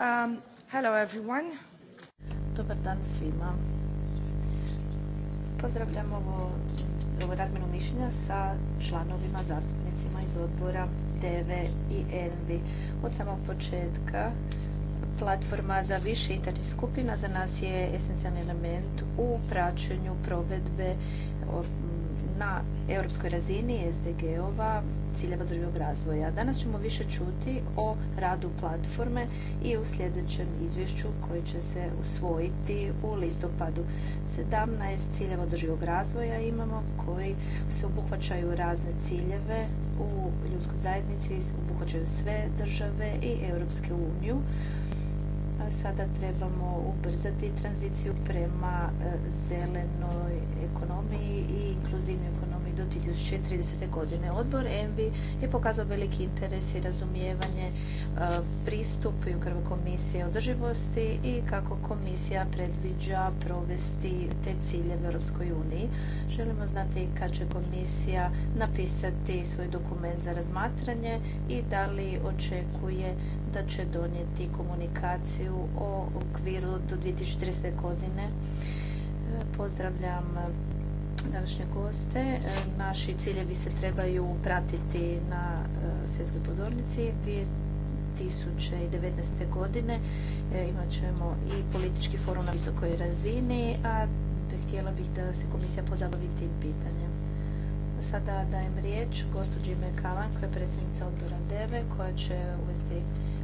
Um, hello everyone. Dobar dan svima. Pozdravljam ovo, razmenu mišljenja sa članovima, zastupnicima iz odbora DV i ENVI. Od samog početka platforma za više internih skupina za nas je esencijalni element u praćenju provedbe na europskoj razini SDG-ova ciljeva drugog razvoja. Danas ćemo više čuti o radu platforme i u sljedećem izvješću koji će se usvojiti u listopadu. 17 ciljeva održivog razvoja imamo koji se obuhvaćaju razne ciljeve u ljudskoj zajednici, obuhvaćaju sve države i Europske uniju. sada trebamo ubrzati tranziciju prema e, zelenoj ekonomiji i inkluzivnu ekonomiju do 2030. godine. Odbor ENVI je pokazao veliki interes i razumijevanje e, pristup Junkerove komisije održivosti i kako komisija predviđa provesti te cilje u Europskoj uniji. Želimo znati kad će komisija napisati svoj dokument za razmatranje i da li očekuje da će donijeti komunikaciju o okviru do 2030. godine. E, pozdravljam današnje goste. E, naši ciljevi se trebaju pratiti na e, svjetskoj pozornici. 2019. godine e, imat ćemo i politički forum na visokoj razini, a htjela bih da se komisija pozabavi tim pitanjem. Sada dajem riječ gospođi Mekalan, koja je predsjednica odbora DEVE, koja će uvesti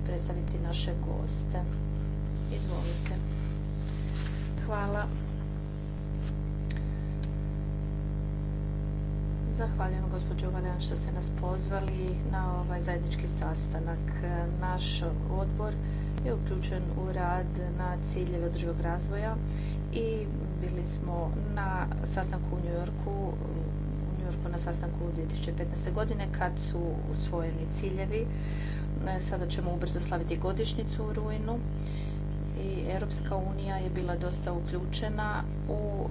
predstaviti naše goste. Izvolite. Hvala. Zahvaljujem gospođo Valjan što ste nas pozvali na ovaj zajednički sastanak. Naš odbor je uključen u rad na ciljeve održivog razvoja i bili smo na sastanku u New Yorku u New Yorku na sastanku 2015. godine kad su usvojeni ciljevi. Sada ćemo ubrzo slaviti godišnicu u rujnu i Europska unija je bila dosta uključena u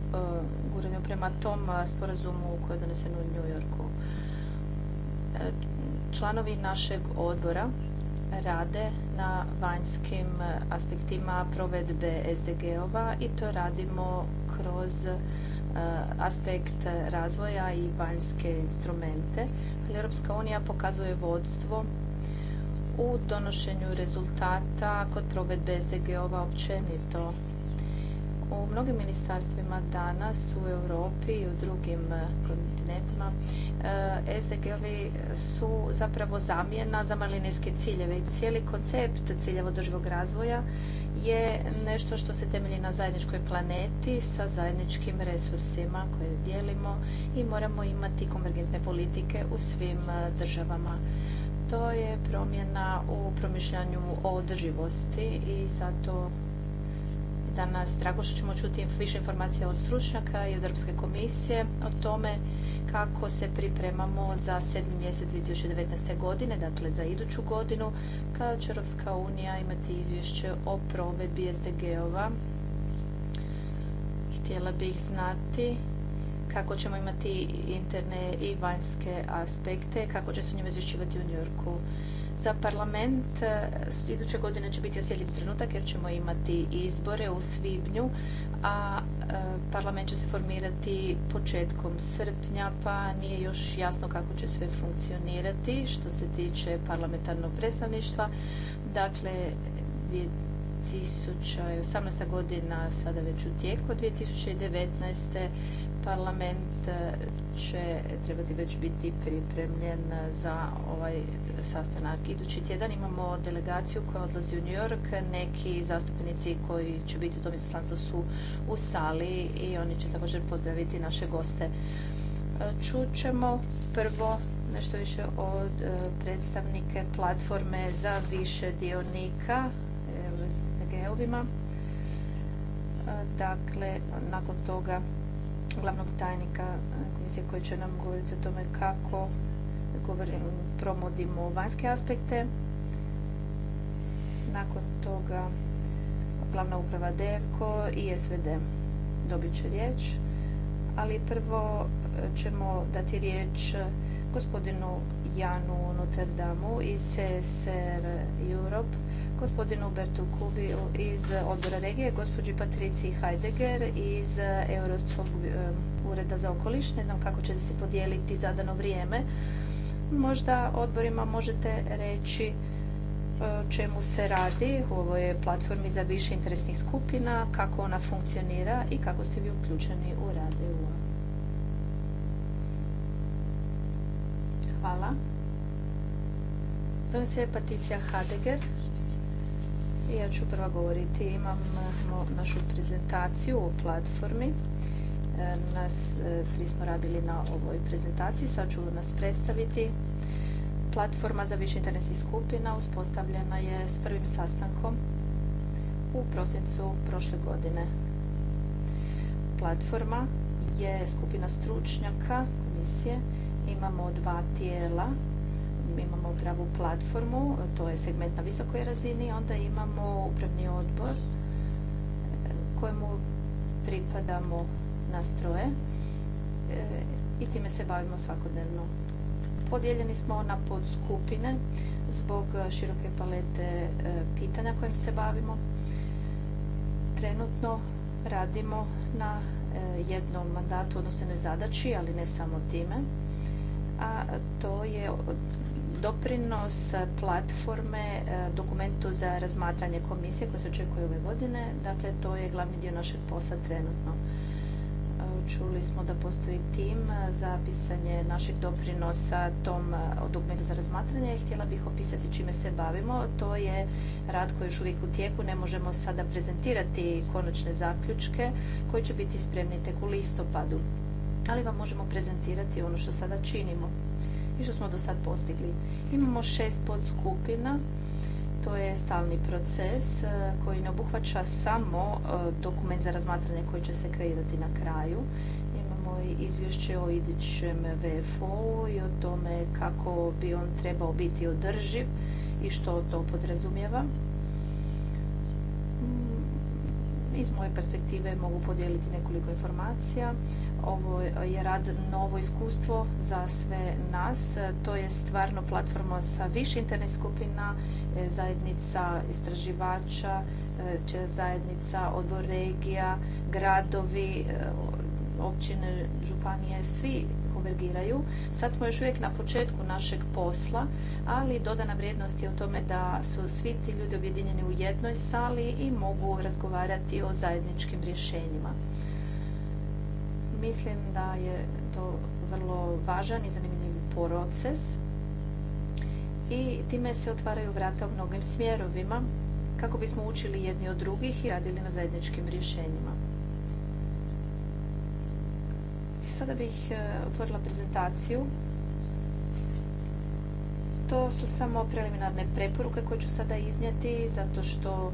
u prema tom sporazumu koji je donesen u New Yorku. E, članovi našeg odbora rade na vanjskim aspektima provedbe SDG-ova i to radimo kroz aspekt razvoja i vanjske instrumente. Europska unija pokazuje vodstvo u donošenju rezultata kod provedbe SDG-ova općenito u mnogim ministarstvima danas u Europi i u drugim e, kontinentima e, SDG-ovi su zapravo zamjena za malinijske ciljeve i cijeli koncept ciljeva održivog razvoja je nešto što se temelji na zajedničkoj planeti sa zajedničkim resursima koje dijelimo i moramo imati konvergentne politike u svim e, državama. To je promjena u promišljanju o održivosti i zato danas drago što ćemo čuti više informacija od stručnjaka i od Europske komisije o tome kako se pripremamo za 7. mjesec 2019. godine, dakle za iduću godinu, kada će Europska unija imati izvješće o provedbi SDG-ova. Htjela bih znati kako ćemo imati interne i vanjske aspekte, kako će se o njima izvješćivati u Njorku. Za parlament e, iduće godine će biti osjetljiv trenutak jer ćemo imati izbore u svibnju, a e, parlament će se formirati početkom srpnja, pa nije još jasno kako će sve funkcionirati što se tiče parlamentarnog predstavništva. Dakle, 2018. godina sada već u tijeku, 2019. parlament e, će trebati već biti pripremljen za ovaj sastanak. Idući tjedan imamo delegaciju koja odlazi u New York. Neki zastupnici koji će biti u tom izaslanstvu su u sali i oni će također pozdraviti naše goste. Čućemo prvo nešto više od e, predstavnike platforme za više dionika na geovima. E, dakle, nakon toga glavnog tajnika koji će nam govoriti o tome kako promodimo vanjske aspekte. Nakon toga glavna uprava derko i SVD dobit će riječ, ali prvo e, ćemo dati riječ gospodinu Janu Noterdamu iz CSR Europe gospodinu Bertu Kubi iz odbora regije, gospođi Patrici Heidegger iz e, Europskog e, ureda za okoliš. Ne znam kako ćete se podijeliti zadano vrijeme. Možda odborima možete reći e, čemu se radi u ovoj platformi za više interesnih skupina, kako ona funkcionira i kako ste vi uključeni u rad EU. Hvala. Zovem se Patricija Hadeger ja ću prva govoriti, imamo eh, našu prezentaciju o platformi. Eh, nas eh, tri smo radili na ovoj prezentaciji, sad ću nas predstaviti. Platforma za više interesnih skupina uspostavljena je s prvim sastankom u prosincu prošle godine. Platforma je skupina stručnjaka komisije. Imamo dva tijela imamo pravu platformu, to je segment na visokoj razini, onda imamo upravni odbor e, kojemu pripadamo na stroje e, i time se bavimo svakodnevno. Podijeljeni smo na podskupine zbog široke palete e, pitanja kojim se bavimo. Trenutno radimo na jednom mandatu, odnosno jednoj zadaći, ali ne samo time, a to je doprinos platforme e, dokumentu za razmatranje komisije koje se očekuje ove godine. Dakle, to je glavni dio našeg posla trenutno. E, čuli smo da postoji tim za pisanje našeg doprinosa tom e, dokumentu za razmatranje i htjela bih opisati čime se bavimo. To je rad koji je još uvijek u tijeku. Ne možemo sada prezentirati konačne zaključke koji će biti spremni tek u listopadu. Ali vam možemo prezentirati ono što sada činimo i što smo do sad postigli. Imamo šest podskupina, to je stalni proces e, koji ne obuhvaća samo e, dokument za razmatranje koji će se kreirati na kraju. Imamo i izvješće o idućem VFO i o tome kako bi on trebao biti održiv i što to podrazumijeva. Iz moje perspektive mogu podijeliti nekoliko informacija. Ovo je rad novo iskustvo za sve nas. To je stvarno platforma sa više internet skupina, e, zajednica istraživača, e, zajednica odbor regija, gradovi, e, općine, županije, svi konvergiraju. Sad smo još uvijek na početku našeg posla, ali dodana vrijednost je o tome da su svi ti ljudi objedinjeni u jednoj sali i mogu razgovarati o zajedničkim rješenjima. Mislim da je to vrlo važan i zanimljiv proces i time se otvaraju vrata u mnogim smjerovima kako bismo učili jedni od drugih i radili na zajedničkim rješenjima. Sada bih e, otvorila prezentaciju. To su samo preliminarne preporuke koje ću sada iznijeti zato što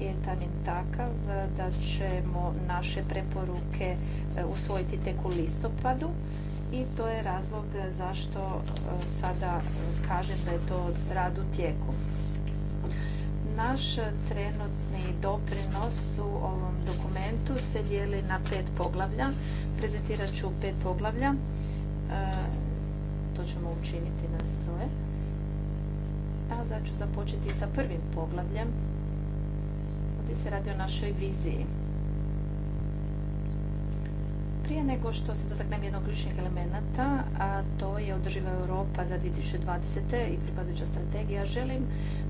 je tamin takav e, da ćemo naše preporuke e, usvojiti tek u listopadu i to je razlog zašto sada kažem da je to rad u tijeku. Naš trenutni doprinos u ovom dokumentu se dijeli na pet poglavlja. Prezentirat ću pet poglavlja. E, to ćemo učiniti na stroje. A sad ću započeti sa prvim poglavljem. Ovdje se radi o našoj viziji. Prije nego što se dotaknem jednog ključnih elemenata, a to je održiva Europa za 2020. i pripadajuća strategija, želim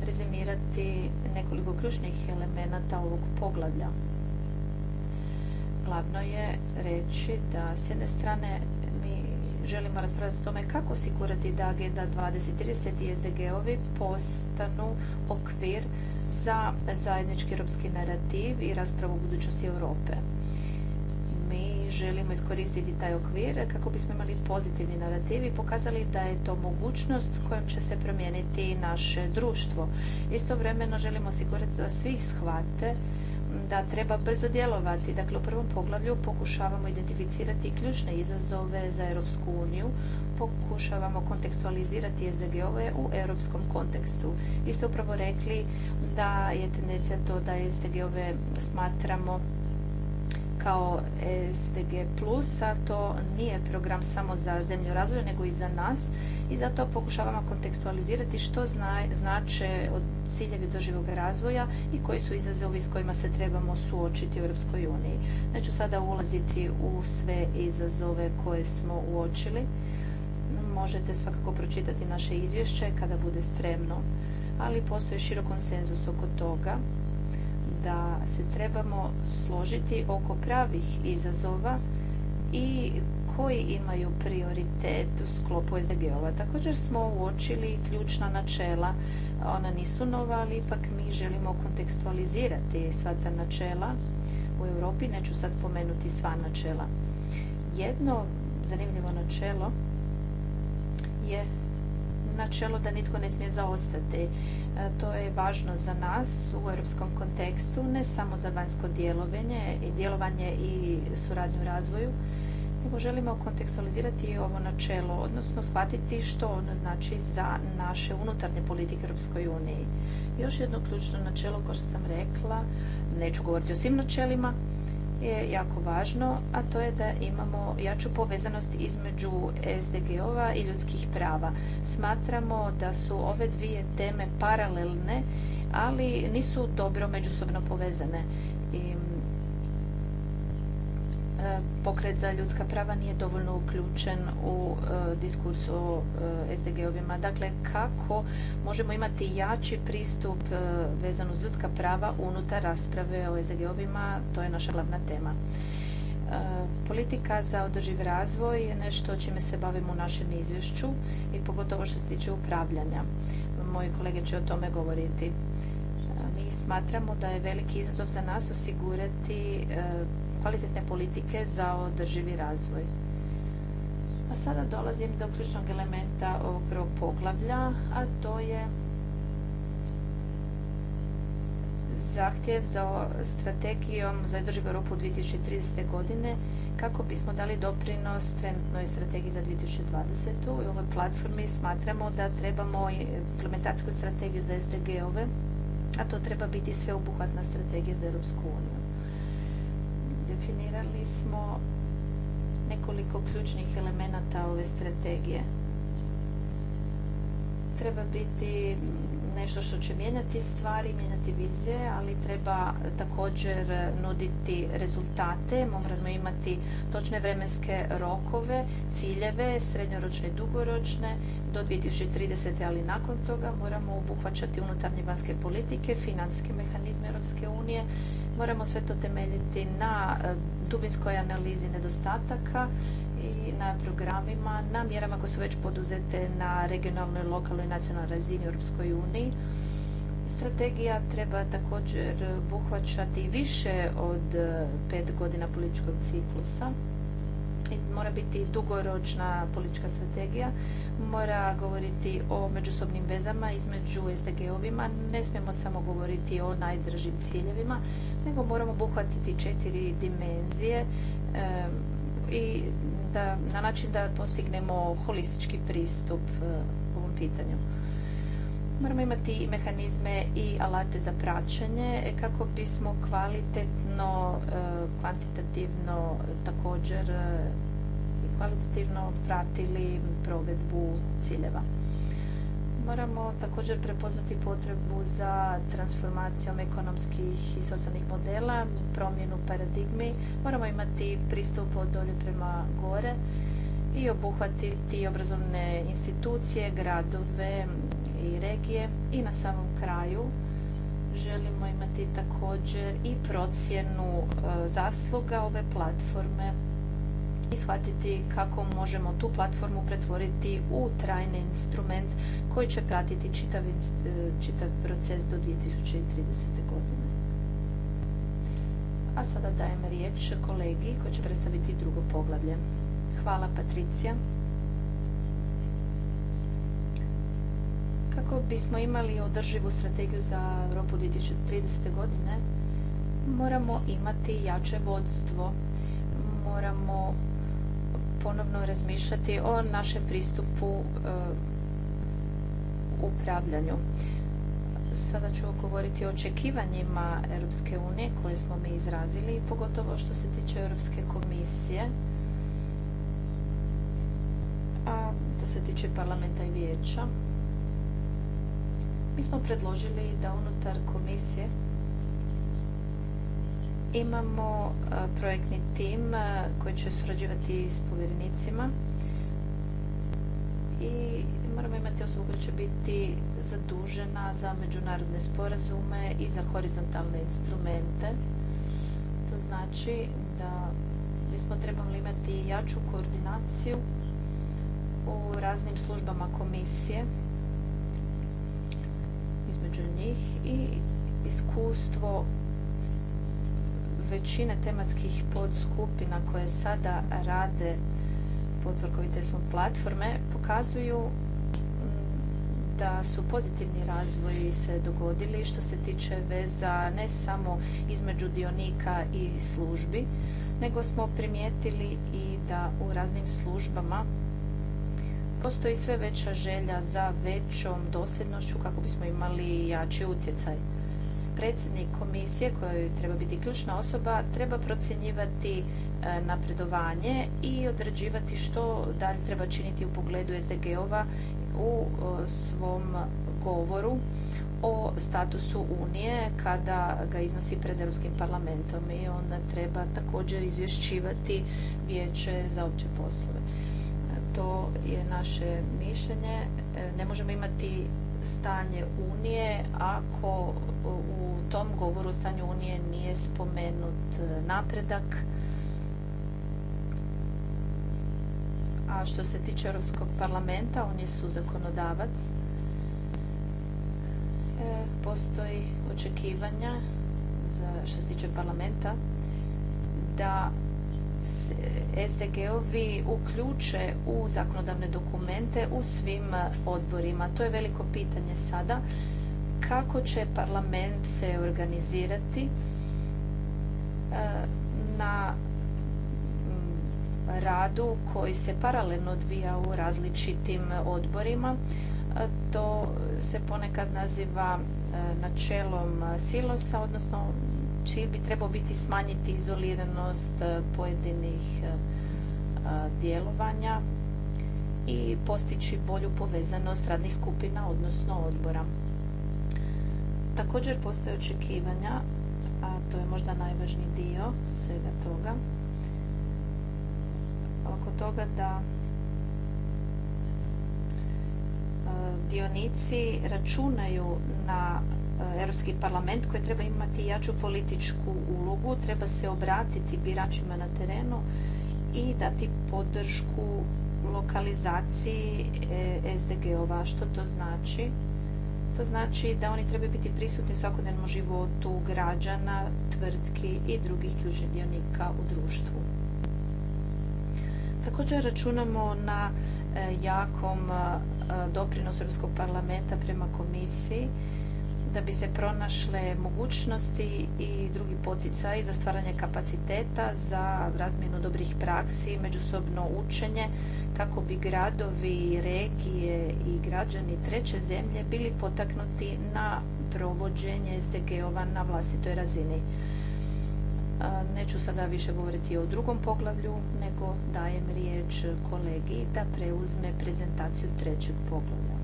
rezimirati nekoliko ključnih elemenata ovog poglavlja. Glavno je reći da s jedne strane mi želimo raspravljati o tome kako osigurati da Agenda 2030 i SDG-ovi postanu okvir za zajednički europski narativ i raspravu o budućnosti Europe želimo iskoristiti taj okvir kako bismo imali pozitivni narativ i pokazali da je to mogućnost kojom će se promijeniti naše društvo. Istovremeno želimo osigurati da svi shvate da treba brzo djelovati. Dakle, u prvom poglavlju pokušavamo identificirati ključne izazove za Europsku uniju, pokušavamo kontekstualizirati SDG-ove u europskom kontekstu. Vi ste upravo rekli da je tendencija to da SDG-ove smatramo kao SDG+, a to nije program samo za zemlju razvoja, nego i za nas. I zato pokušavamo kontekstualizirati što znače od ciljevi doživog razvoja i koji su izazovi s kojima se trebamo suočiti u Europskoj uniji. Neću sada ulaziti u sve izazove koje smo uočili. Možete svakako pročitati naše izvješće kada bude spremno, ali postoji širok konsenzus oko toga da se trebamo složiti oko pravih izazova i koji imaju prioritet u sklopu SDG-ova. Također smo uočili ključna načela. Ona nisu nova, ali ipak mi želimo kontekstualizirati sva ta načela u Europi. Neću sad pomenuti sva načela. Jedno zanimljivo načelo je načelo da nitko ne smije zaostati. E, to je važno za nas u europskom kontekstu, ne samo za vanjsko djelovanje i djelovanje i suradnju u razvoju, nego želimo kontekstualizirati ovo načelo, odnosno shvatiti što ono znači za naše unutarnje politike Europskoj uniji. Još jedno ključno načelo, kao što sam rekla, neću govoriti o svim načelima, je jako važno, a to je da imamo jaču povezanost između SDG-ova i ljudskih prava. Smatramo da su ove dvije teme paralelne, ali nisu dobro međusobno povezane pokret za ljudska prava nije dovoljno uključen u e, diskurs o e, SDG-ovima. Dakle, kako možemo imati jači pristup e, vezan uz ljudska prava unutar rasprave o SDG-ovima, to je naša glavna tema. Politika za održiv razvoj je nešto čime se bavimo u našem izvješću i pogotovo što se tiče upravljanja. Moji kolege će o tome govoriti. Mi smatramo da je veliki izazov za nas osigurati kvalitetne politike za održivi razvoj. A sada dolazim do ključnog elementa ovog prvog poglavlja, a to je zahtjev za strategijom za održivu Europu 2030. godine kako bismo dali doprinos trenutnoj strategiji za 2020. U ovoj platformi smatramo da trebamo implementacijsku strategiju za SDG-ove, a to treba biti sveobuhvatna strategija za Europsku uniju definirali smo nekoliko ključnih elemenata ove strategije. Treba biti nešto što će mijenjati stvari, mijenjati vizije, ali treba također nuditi rezultate, moramo imati točne vremenske rokove, ciljeve, srednjoročne i dugoročne, do 2030. ali nakon toga moramo obuhvaćati unutarnje vanjske politike, financijske mehanizme Europske unije, Moramo sve to temeljiti na e, dubinskoj analizi nedostataka i na programima, na mjerama koje su već poduzete na regionalnoj, lokalnoj i nacionalnoj razini u Europskoj uniji. Strategija treba također obuhvaćati više od e, pet godina političkog ciklusa mora biti dugoročna politička strategija, mora govoriti o međusobnim vezama između SDG-ovima, ne smijemo samo govoriti o najdržim ciljevima, nego moramo obuhvatiti četiri dimenzije i da, na način da postignemo holistički pristup u eh, ovom pitanju. Moramo imati mehanizme i alate za praćenje e, kako bismo kvalitetno, e, kvantitativno e, također i kvalitativno pratili provedbu ciljeva. Moramo također prepoznati potrebu za transformacijom ekonomskih i socijalnih modela, promjenu paradigmi. Moramo imati pristup od dolje prema gore i obuhvatiti obrazovne institucije, gradove, i regije. I na samom kraju želimo imati također i procjenu e, zasluga ove platforme i shvatiti kako možemo tu platformu pretvoriti u trajni instrument koji će pratiti čitav, e, proces do 2030. godine. A sada dajem riječ kolegi koji će predstaviti drugo poglavlje. Hvala Patricija. kako bismo imali održivu strategiju za Europu 2030. godine, moramo imati jače vodstvo, moramo ponovno razmišljati o našem pristupu e, upravljanju. Sada ću govoriti o očekivanjima Europske unije koje smo mi izrazili, pogotovo što se tiče Europske komisije, a to se tiče parlamenta i vijeća. Mi smo predložili da unutar komisije imamo e, projektni tim e, koji će surađivati s povjerenicima i moramo imati osobu koja će biti zadužena za međunarodne sporazume i za horizontalne instrumente. To znači da bismo trebali imati jaču koordinaciju u raznim službama komisije između njih i iskustvo većine tematskih podskupina koje sada rade pod smo platforme pokazuju mm, da su pozitivni razvoji se dogodili što se tiče veza ne samo između dionika i službi, nego smo primijetili i da u raznim službama Postoji sve veća želja za većom dosjednošću kako bismo imali jači utjecaj. Predsjednik komisije, koji treba biti ključna osoba, treba procjenjivati e, napredovanje i određivati što dalje treba činiti u pogledu SDG-ova u e, svom govoru o statusu Unije kada ga iznosi pred Europskim parlamentom i onda treba također izvješćivati vijeće za opće poslove to je naše mišljenje. E, ne možemo imati stanje Unije ako u tom govoru stanju Unije nije spomenut e, napredak. A što se tiče Europskog parlamenta, on je zakonodavac. E, postoji očekivanja što se tiče parlamenta da SDG-ovi uključe u zakonodavne dokumente u svim odborima. To je veliko pitanje sada. Kako će parlament se organizirati na mm, radu koji se paralelno odvija u različitim odborima. To se ponekad naziva načelom silosa, odnosno cilj znači, bi trebao biti smanjiti izoliranost e, pojedinih e, djelovanja i postići bolju povezanost radnih skupina, odnosno odbora. Također postoje očekivanja, a to je možda najvažniji dio svega toga, oko toga da e, dionici računaju na Eh, Europski parlament koji treba imati jaču političku ulogu, treba se obratiti biračima na terenu i dati podršku lokalizaciji eh, SDG-ova. Što to znači? To znači da oni trebaju biti prisutni u svakodnevnom životu građana, tvrtki i drugih ključnih dionika u društvu. Također računamo na eh, jakom doprinosu Europskog parlamenta prema komisiji da bi se pronašle mogućnosti i drugi poticaji za stvaranje kapaciteta za razmjenu dobrih praksi, međusobno učenje kako bi gradovi, regije i građani treće zemlje bili potaknuti na provođenje SDG-ova na vlastitoj razini. Neću sada više govoriti o drugom poglavlju, nego dajem riječ kolegi da preuzme prezentaciju trećeg poglavlja.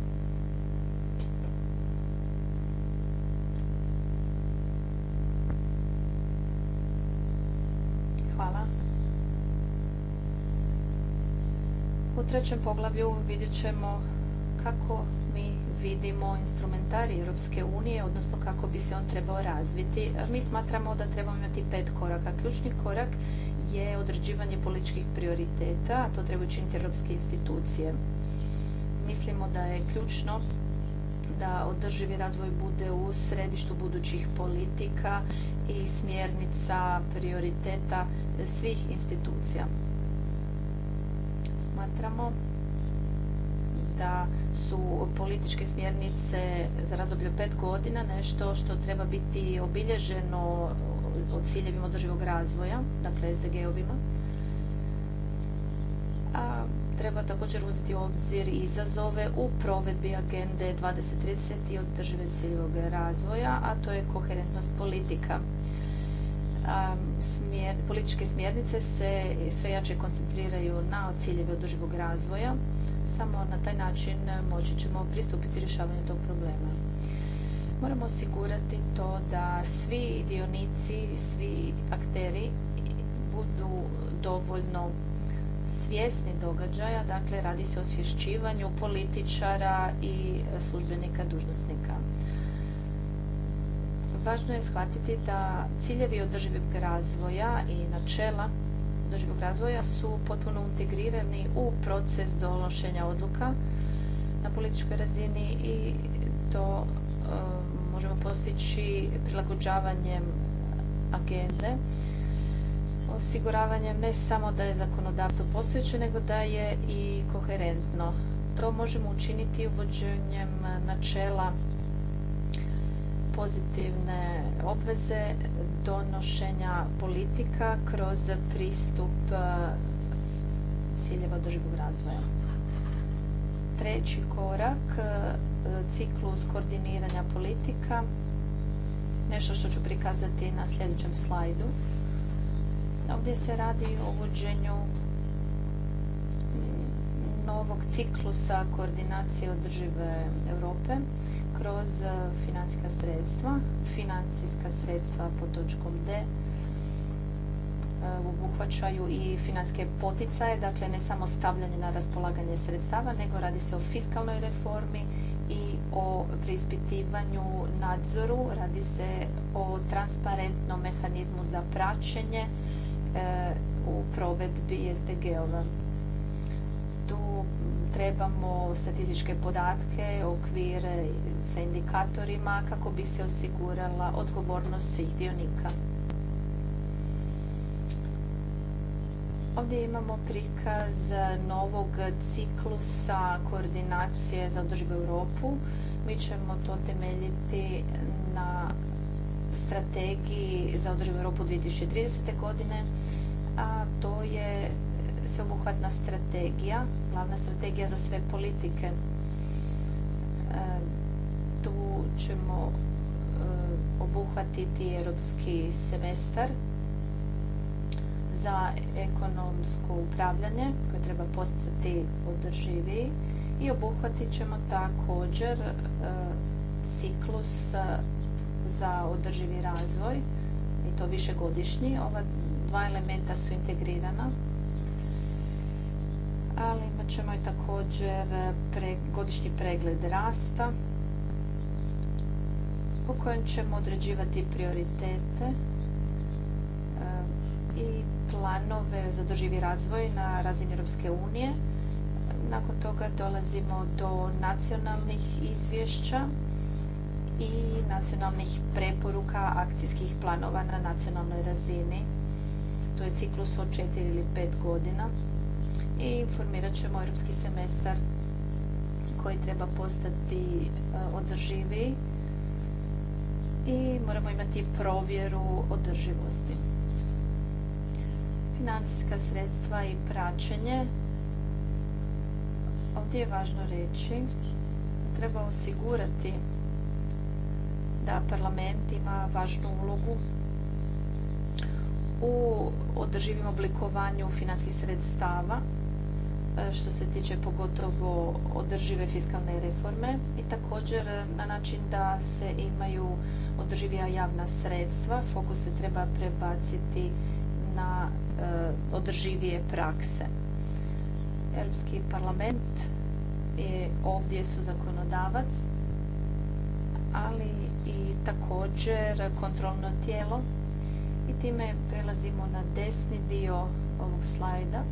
trećem poglavlju vidjet ćemo kako mi vidimo instrumentari Europske unije, odnosno kako bi se on trebao razviti. Mi smatramo da trebamo imati pet koraka. Ključni korak je određivanje političkih prioriteta, a to treba učiniti europske institucije. Mislimo da je ključno da održivi razvoj bude u središtu budućih politika i smjernica prioriteta svih institucija da su političke smjernice za razdoblje pet godina nešto što treba biti obilježeno od ciljevima održivog razvoja, dakle SDG-ovima. A treba također uzeti u obzir izazove u provedbi agende 2030 i održive ciljevog razvoja, a to je koherentnost politika političke smjernice se sve jače koncentriraju na ciljeve održivog razvoja. Samo na taj način e, moći ćemo pristupiti rješavanju tog problema. Moramo osigurati to da svi dionici, svi akteri budu dovoljno svjesni događaja, dakle radi se o osvješćivanju političara i službenika, dužnosnika. Važno je shvatiti da ciljevi održivog razvoja i načela održivog razvoja su potpuno integrirani u proces donošenja odluka na političkoj razini i to eh, možemo postići prilagođavanjem agende, osiguravanjem ne samo da je zakonodavstvo postojeće, nego da je i koherentno. To možemo učiniti uvođenjem načela pozitivne obveze donošenja politika kroz pristup e, ciljeva održivog razvoja. Treći korak, e, ciklus koordiniranja politika, nešto što ću prikazati na sljedećem slajdu. Ovdje se radi o uvođenju novog ciklusa koordinacije održive Europe kroz e, financijska sredstva. Financijska sredstva po točkom D e, obuhvaćaju i financijske poticaje, dakle ne samo stavljanje na raspolaganje sredstava, nego radi se o fiskalnoj reformi i o preispitivanju nadzoru, radi se o transparentnom mehanizmu za praćenje e, u provedbi SDG-ova trebamo statističke podatke, okvir sa indikatorima kako bi se osigurala odgovornost svih dionika. Ovdje imamo prikaz novog ciklusa koordinacije za održivu Europu. Mi ćemo to temeljiti na strategiji za održivu Europu 2030. godine, a to je sveobuhvatna strategija, glavna strategija za sve politike. E, tu ćemo e, obuhvatiti europski semestar za ekonomsko upravljanje koje treba postati održiviji i obuhvatit ćemo također e, ciklus za održivi razvoj i to višegodišnji. Ova dva elementa su integrirana ali imat ćemo i također e, godišnji pregled rasta u kojem ćemo određivati prioritete e, i planove za doživi razvoj na razini Europske unije. Nakon toga dolazimo do nacionalnih izvješća i nacionalnih preporuka akcijskih planova na nacionalnoj razini. To je ciklus od 4 ili 5 godina i formirat ćemo europski semestar koji treba postati e, održivi, i moramo imati provjeru održivosti. Financijska sredstva i praćenje. Ovdje je važno reći da treba osigurati da parlament ima važnu ulogu u održivim oblikovanju financijskih sredstava E, što se tiče pogotovo održive fiskalne reforme i također e, na način da se imaju održivija javna sredstva. Fokus se treba prebaciti na e, održivije prakse. Europski parlament je ovdje su zakonodavac, ali i također kontrolno tijelo. I time prelazimo na desni dio ovog slajda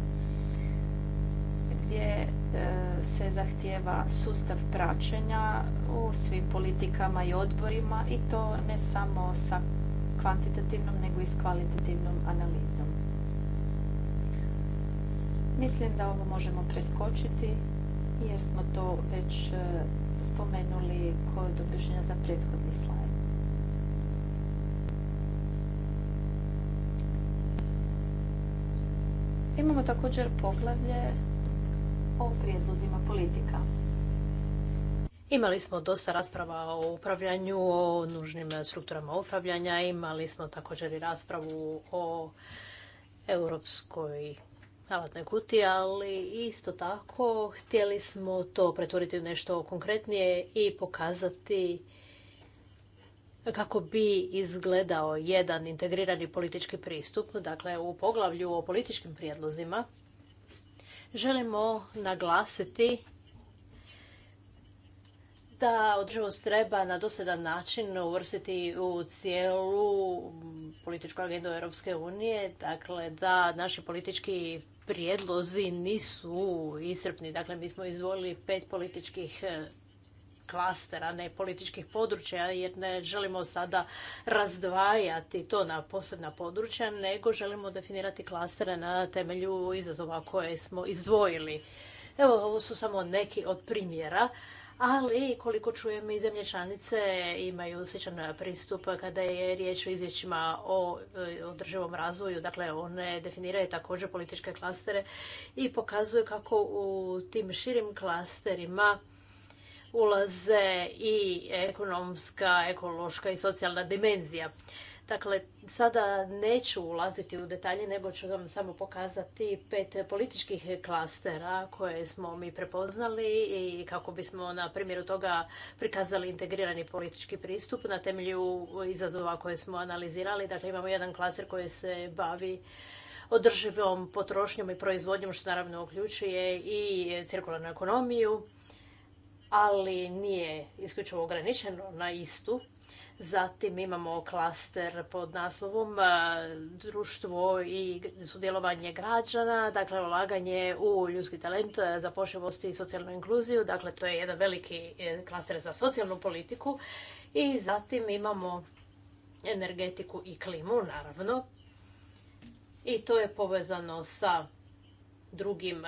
gdje e, se zahtijeva sustav praćenja u svim politikama i odborima i to ne samo sa kvantitativnom nego i s kvalitativnom analizom. Mislim da ovo možemo preskočiti jer smo to već e, spomenuli kod objašnjenja za prethodni slajd. Imamo također poglavlje o prijedlozima politika. Imali smo dosta rasprava o upravljanju, o nužnim strukturama upravljanja. Imali smo također i raspravu o europskoj alatnoj kuti, ali isto tako htjeli smo to pretvoriti u nešto konkretnije i pokazati kako bi izgledao jedan integrirani politički pristup. Dakle, u poglavlju o političkim prijedlozima želimo naglasiti da održivost treba na dosadan način uvrstiti u cijelu političku agendu Europske unije, dakle da naši politički prijedlozi nisu iscrpni. Dakle, mi smo izvolili pet političkih klastera, ne političkih područja, jer ne želimo sada razdvajati to na posebna područja, nego želimo definirati klastere na temelju izazova koje smo izdvojili. Evo, ovo su samo neki od primjera, ali koliko čujem i zemlje članice imaju sličan pristup kada je riječ o izvješćima o e, održivom razvoju. Dakle, one definiraju također političke klastere i pokazuju kako u tim širim klasterima ulaze i ekonomska, ekološka i socijalna dimenzija. Dakle, sada neću ulaziti u detalje, nego ću vam samo pokazati pet političkih klastera koje smo mi prepoznali i kako bismo na primjeru toga prikazali integrirani politički pristup na temelju izazova koje smo analizirali. Dakle, imamo jedan klaster koji se bavi održivom potrošnjom i proizvodnjom, što naravno uključuje i cirkularnu ekonomiju, ali nije isključivo ograničeno na istu. Zatim imamo klaster pod naslovom e, društvo i sudjelovanje građana, dakle ulaganje u ljudski talent, e, zapošljivost i socijalnu inkluziju, dakle to je jedan veliki e, klaster za socijalnu politiku. I zatim imamo energetiku i klimu, naravno. I to je povezano sa drugim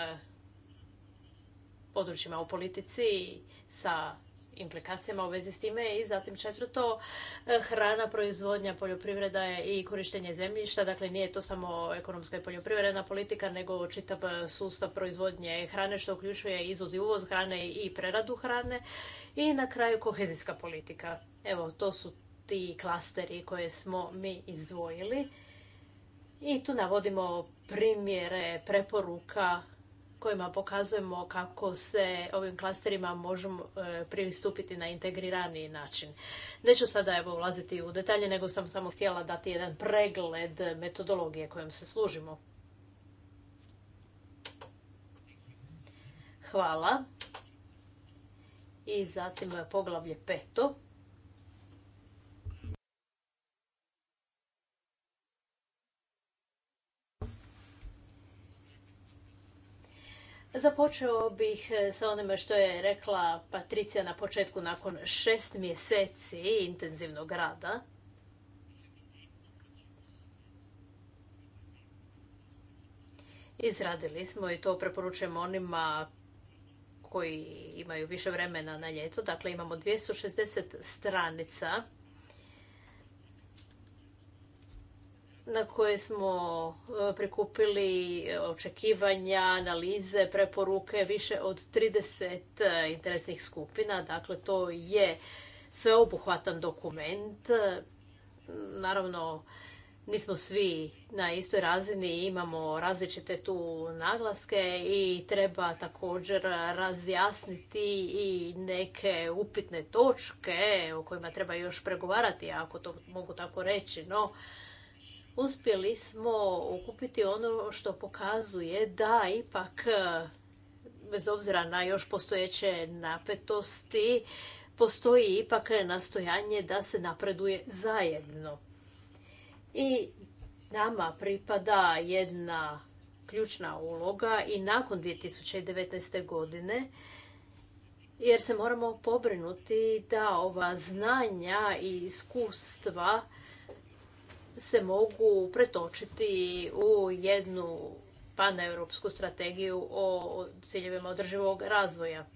područjima u politici sa implikacijama u vezi s time i zatim četvrto e, hrana, proizvodnja, poljoprivreda i korištenje zemljišta. Dakle, nije to samo ekonomska i poljoprivredna politika, nego čitav sustav proizvodnje hrane što uključuje izvoz i uvoz hrane i preradu hrane i na kraju kohezijska politika. Evo, to su ti klasteri koje smo mi izdvojili. I tu navodimo primjere preporuka kojima pokazujemo kako se ovim klasterima možemo e, pristupiti na integrirani način. Neću sada evo ulaziti u detalje, nego sam samo htjela dati jedan pregled metodologije kojom se služimo. Hvala. I zatim poglavlje peto. Započeo bih eh, sa onime što je rekla Patricija na početku nakon šest mjeseci intenzivnog rada. Izradili smo i to preporučujemo onima koji imaju više vremena na ljeto. Dakle, imamo 260 stranica na koje smo e, prikupili e, očekivanja, analize, preporuke više od 30 e, interesnih skupina. Dakle, to je sveobuhvatan dokument. Naravno, nismo svi na istoj razini, imamo različite tu naglaske i treba također razjasniti i neke upitne točke o kojima treba još pregovarati, ako to mogu tako reći. No, uspjeli smo ukupiti ono što pokazuje da ipak e, bez obzira na još postojeće napetosti postoji ipak nastojanje da se napreduje zajedno. I nama pripada jedna ključna uloga i nakon 2019. godine jer se moramo pobrinuti da ova znanja i iskustva se mogu pretočiti u jednu paneuropsku strategiju o ciljevima održivog razvoja.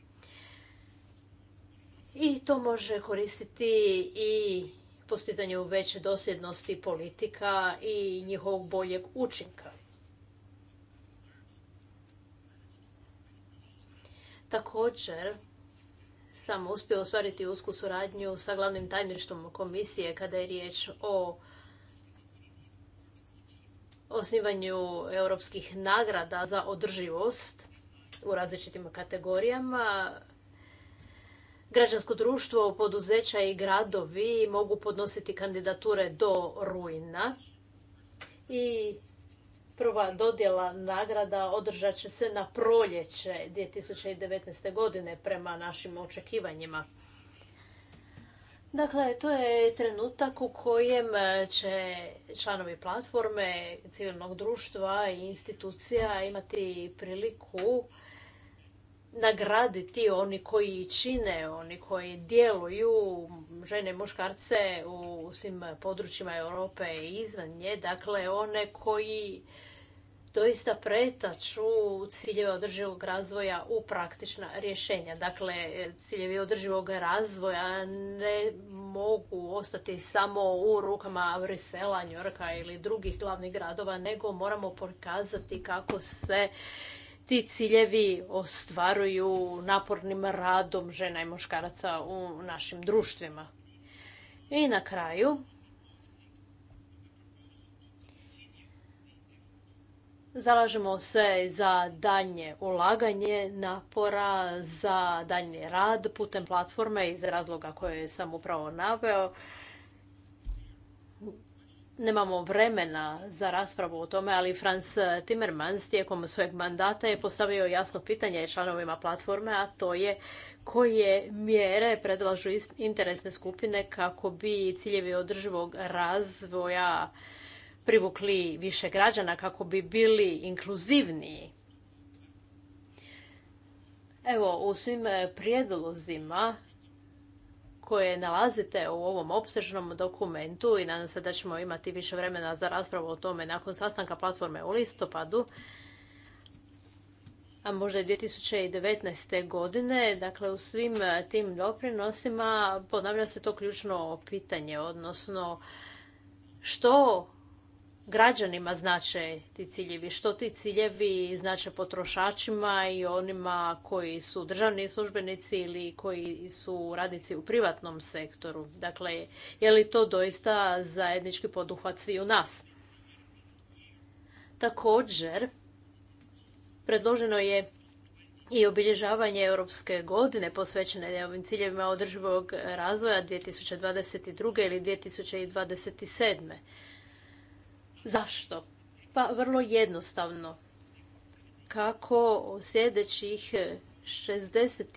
I to može koristiti i postizanju veće dosljednosti politika i njihovog boljeg učinka. Također, sam uspio ostvariti usku suradnju sa glavnim tajništvom komisije kada je riječ o osnivanju europskih nagrada za održivost u različitim kategorijama. Građansko društvo, poduzeća i gradovi mogu podnositi kandidature do rujna i prva dodjela nagrada održat će se na proljeće 2019. godine prema našim očekivanjima. Dakle, to je trenutak u kojem e, će članovi platforme, civilnog društva i institucija imati priliku nagraditi oni koji čine, oni koji djeluju, žene i muškarce u svim područjima Europe i izvan nje, dakle one koji doista pretaču ciljeve održivog razvoja u praktična rješenja. Dakle, ciljevi održivog razvoja ne mogu ostati samo u rukama Brisela, Njorka ili drugih glavnih gradova, nego moramo pokazati kako se ti ciljevi ostvaruju napornim radom žena i muškaraca u našim društvima. I na kraju, Zalažemo se za daljnje ulaganje napora, za daljnji rad putem platforme iz razloga koje sam upravo naveo. Nemamo vremena za raspravu o tome, ali Frans Timmermans tijekom svojeg mandata je postavio jasno pitanje članovima platforme, a to je koje mjere predlažu interesne skupine kako bi ciljevi održivog razvoja privukli više građana, kako bi bili inkluzivniji. Evo, u svim e, prijedlozima koje nalazite u ovom opsežnom dokumentu i nadam se da ćemo imati više vremena za raspravu o tome nakon sastanka platforme u listopadu, a možda i 2019. godine. Dakle, u svim e, tim doprinosima ponavlja se to ključno pitanje, odnosno što građanima znače ti ciljevi, što ti ciljevi znače potrošačima i onima koji su državni službenici ili koji su radnici u privatnom sektoru. Dakle, je li to doista zajednički poduhvat svi u nas? Također, predloženo je i obilježavanje Europske godine posvećene ovim ciljevima održivog razvoja 2022. ili 2027. Zašto? Pa vrlo jednostavno. Kako sljedećih 65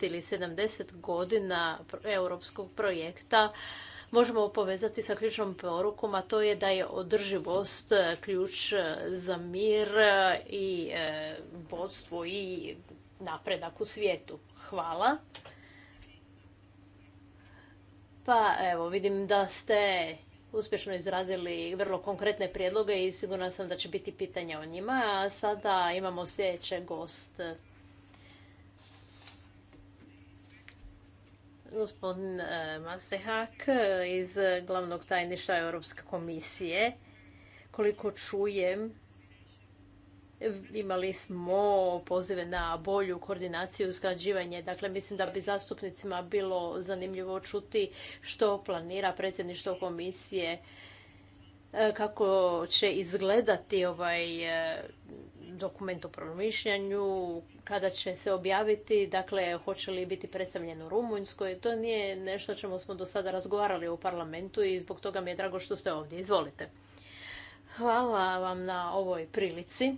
ili 70 godina europskog projekta možemo povezati sa ključnom porukom, a to je da je održivost e, ključ e, za mir e, i vodstvo i napredak u svijetu. Hvala. Pa evo, vidim da ste uspješno izradili vrlo konkretne prijedloge i sigurna sam da će biti pitanja o njima. A sada imamo sljedeće gost. Gospodin e, Masehak e, iz glavnog tajništva Europske komisije. Koliko čujem, Imali smo pozive na bolju koordinaciju i usklađivanje. Dakle, mislim da bi zastupnicima bilo zanimljivo čuti što planira predsjedništvo komisije e, kako će izgledati ovaj e, dokument o promišljanju, kada će se objaviti, dakle, hoće li biti predstavljen u Rumunjskoj. To nije nešto čemu smo do sada razgovarali u parlamentu i zbog toga mi je drago što ste ovdje. Izvolite. Hvala vam na ovoj prilici.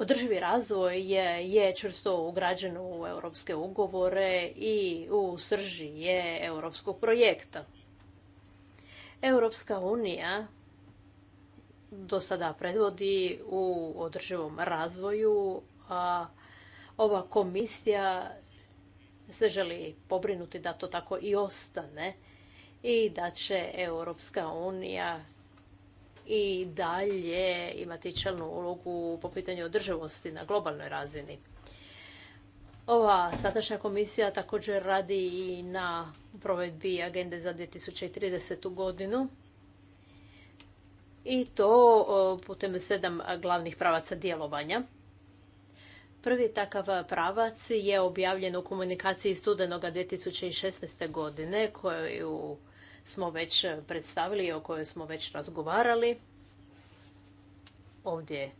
Održivi razvoj je, je čvrsto ugrađen u europske ugovore i u srži je europskog projekta. Europska unija do sada predvodi u održivom razvoju, a ova komisija se želi pobrinuti da to tako i ostane i da će Europska unija i dalje imati čelnu ulogu po pitanju održivosti na globalnoj razini. Ova sadašnja komisija također radi i na provedbi agende za 2030. godinu i to putem sedam glavnih pravaca djelovanja. Prvi takav pravac je objavljen u komunikaciji studenoga 2016. godine koju smo već e, predstavili i o kojoj smo već razgovarali ovdje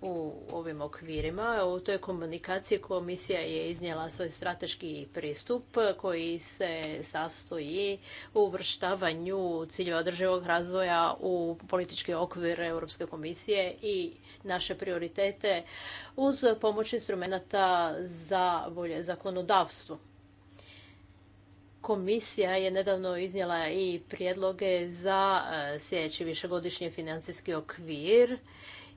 u ovim okvirima. U toj komunikaciji komisija je iznijela svoj strateški pristup koji se sastoji u uvrštavanju ciljeva održivog razvoja u politički okvir Europske komisije i naše prioritete uz pomoć instrumenta za bolje zakonodavstvo. Komisija je nedavno iznijela i prijedloge za e, sljedeći višegodišnji financijski okvir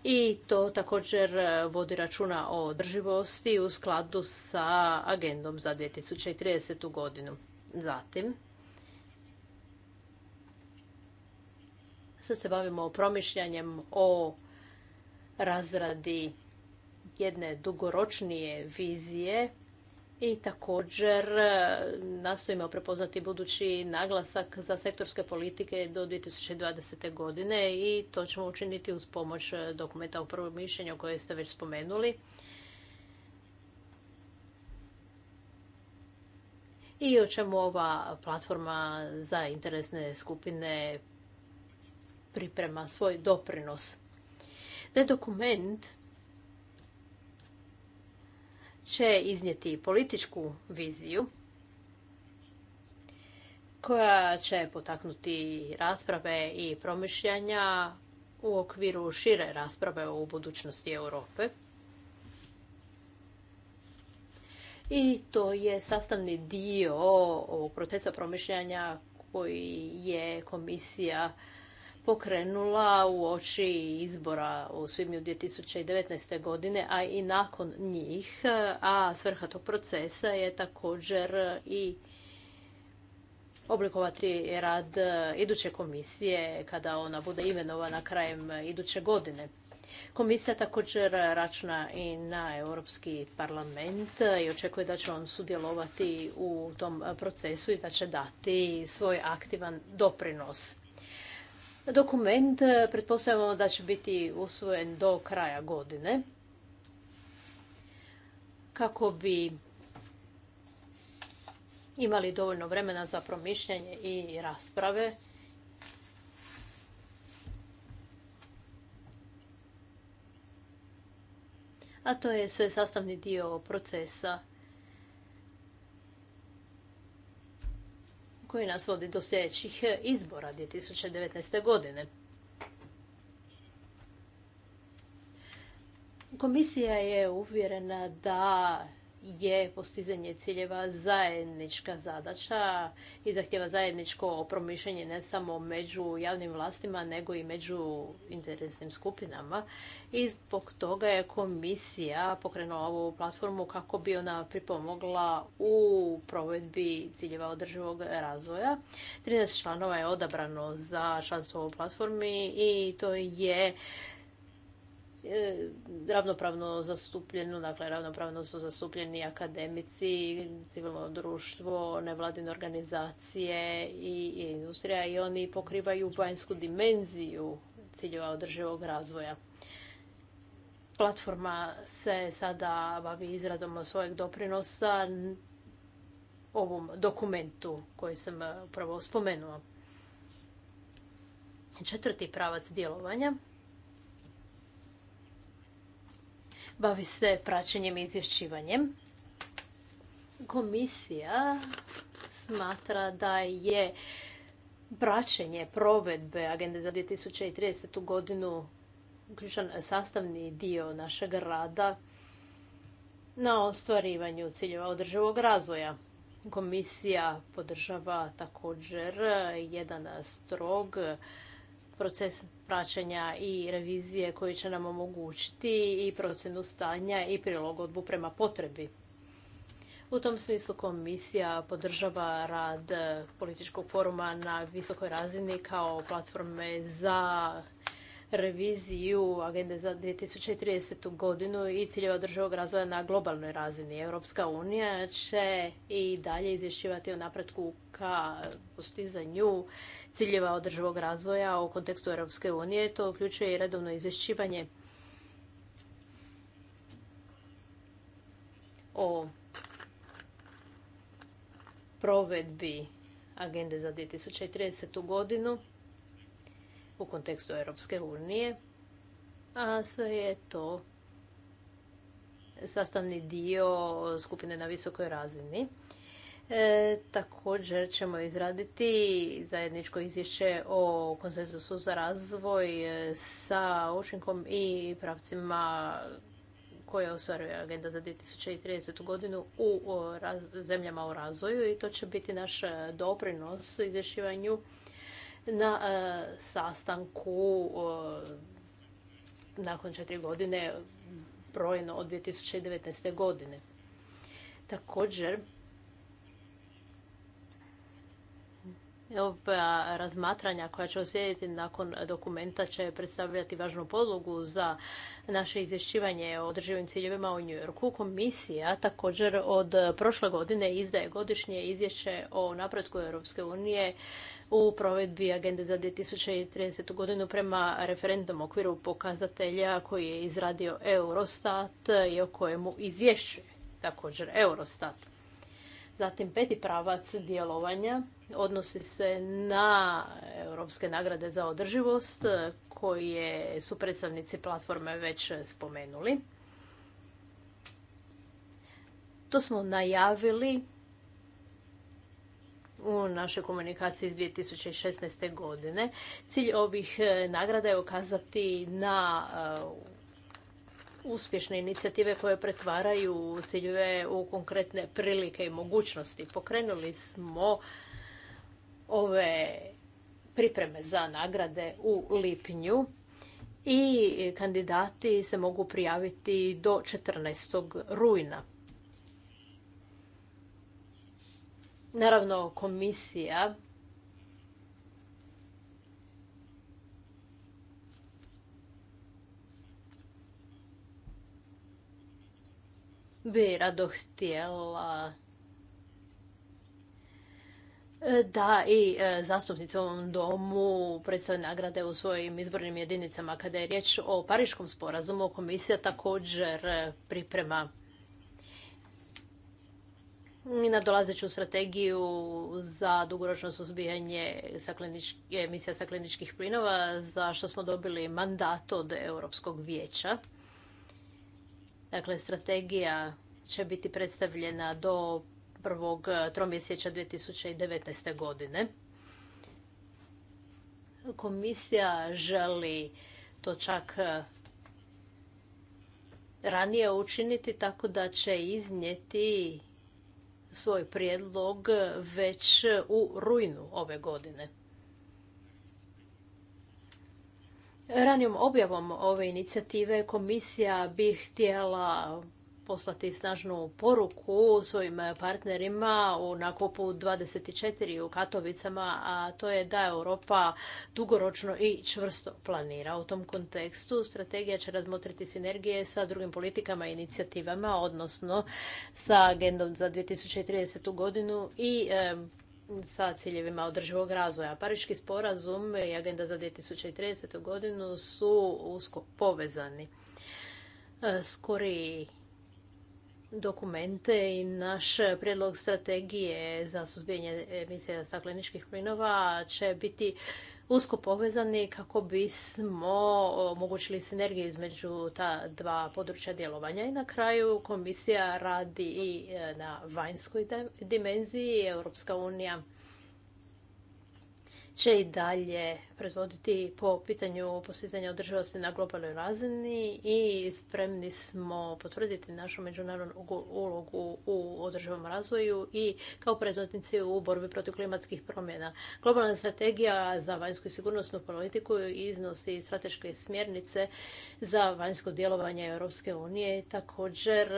i to također e, vodi računa o drživosti u skladu sa agendom za 2030. godinu. Zatim, sad se bavimo promišljanjem o razradi jedne dugoročnije vizije i također e, nastojimo prepoznati budući naglasak za sektorske politike do 2020. godine i to ćemo učiniti uz pomoć e, dokumenta u prvom mišljenju koje ste već spomenuli. I o čemu ova platforma za interesne skupine priprema svoj doprinos. Taj dokument će iznijeti političku viziju koja će potaknuti rasprave i promišljanja u okviru šire rasprave o budućnosti Europe. I to je sastavni dio ovog procesa promišljanja koji je komisija pokrenula u oči izbora u svibnju 2019. godine, a i nakon njih, a svrha tog procesa je također i oblikovati rad iduće komisije kada ona bude imenovana krajem iduće godine. Komisija također računa i na Europski parlament i očekuje da će on sudjelovati u tom procesu i da će dati svoj aktivan doprinos. Dokument eh, pretpostavljamo da će biti usvojen do kraja godine kako bi imali dovoljno vremena za promišljanje i rasprave. A to je sve sastavni dio procesa koji nas vodi do sljedećih e, izbora 2019. godine. Komisija je uvjerena da je postizanje ciljeva zajednička zadaća i zahtjeva zajedničko promišljanje ne samo među javnim vlastima nego i među interesnim skupinama i zbog toga je komisija pokrenula ovu platformu kako bi ona pripomogla u provedbi ciljeva održivog razvoja. 13 članova je odabrano za članstvo u platformi i to je E, ravnopravno zastupljeno, dakle ravnopravno su zastupljeni akademici, civilno društvo, nevladine organizacije i, i industrija i oni pokrivaju vanjsku dimenziju ciljeva održivog razvoja. Platforma se sada bavi izradom svojeg doprinosa ovom dokumentu koji sam upravo spomenula. Četvrti pravac djelovanja – bavi se praćenjem i izvješćivanjem. Komisija smatra da je praćenje provedbe Agende za 2030. godinu ključan sastavni dio našeg rada na ostvarivanju ciljeva održivog razvoja. Komisija podržava također jedan strog proces praćenja i revizije koji će nam omogućiti i procjenu stanja i prilogodbu prema potrebi. U tom smislu komisija podržava rad političkog foruma na visokoj razini kao platforme za reviziju agende za 2030. godinu i ciljeva državog razvoja na globalnoj razini. Europska unija će i dalje izvješćivati o napretku ka postizanju ciljeva održivog razvoja u kontekstu Europske unije. To uključuje i redovno izvješćivanje o provedbi agende za 2030. godinu u kontekstu Europske unije, a sve je to sastavni dio skupine na visokoj razini. E, također ćemo izraditi zajedničko izvješće o konsenzusu za razvoj e, sa učinkom i pravcima koje ostvaruje Agenda za 2030. godinu u zemljama u razvoju i to će biti naš e, doprinos izvješivanju na sastanku nakon četiri godine brojno od 2019. godine. Također, Ova pa, razmatranja koja će uslijediti nakon dokumenta će predstavljati važnu podlogu za naše izvješćivanje o održivim ciljevima u Njujorku. Komisija također od prošle godine izdaje godišnje izvješće o napretku Europske unije u provedbi agende za 2030. godinu prema referendum okviru pokazatelja koji je izradio Eurostat i o kojemu izvješćuje također Eurostat. Zatim peti pravac djelovanja odnosi se na Europske nagrade za održivost e, koje su predstavnici platforme već spomenuli. To smo najavili u našoj komunikaciji iz 2016. godine. Cilj ovih e, nagrada je ukazati na e, uspješne inicijative koje pretvaraju ciljeve u konkretne prilike i mogućnosti. Pokrenuli smo ove pripreme za nagrade u lipnju i kandidati se mogu prijaviti do 14. rujna. Naravno, komisija bi rado htjela e, da i e, zastupnici u ovom domu predstavljaju nagrade u svojim izbornim jedinicama. Kada je riječ o Pariškom sporazumu, komisija također e, priprema i nadolazeću strategiju za dugoročno suzbijanje emisija stakleničkih plinova, za što smo dobili mandat od Europskog vijeća. Dakle, strategija će biti predstavljena do prvog tromjesečja 2019. godine. Komisija želi to čak e, ranije učiniti tako da će iznijeti svoj prijedlog već u rujnu ove godine. Ranijom objavom ove inicijative komisija bi htjela poslati snažnu poruku svojim partnerima u nakopu 24 u Katovicama, a to je da Europa dugoročno i čvrsto planira. U tom kontekstu strategija će razmotriti sinergije sa drugim politikama i inicijativama, odnosno sa agendom za 2030. godinu i sa ciljevima održivog razvoja. Pariški sporazum i agenda za 2030. godinu su usko povezani. E, Skori dokumente i naš prijedlog strategije za suzbijanje emisija stakleničkih plinova će biti usko povezani kako bismo omogućili sinergiju između ta dva područja djelovanja. I na kraju komisija radi i e, na vanjskoj dimenziji. Europska unija će i dalje predvoditi po pitanju postizanja održivosti na globalnoj razini i spremni smo potvrditi našu međunarodnu ulogu u održivom razvoju i kao predvodnici u borbi protiv klimatskih promjena. Globalna strategija za vanjsku i sigurnosnu politiku iznosi strateške smjernice za vanjsko djelovanje Europske unije. Također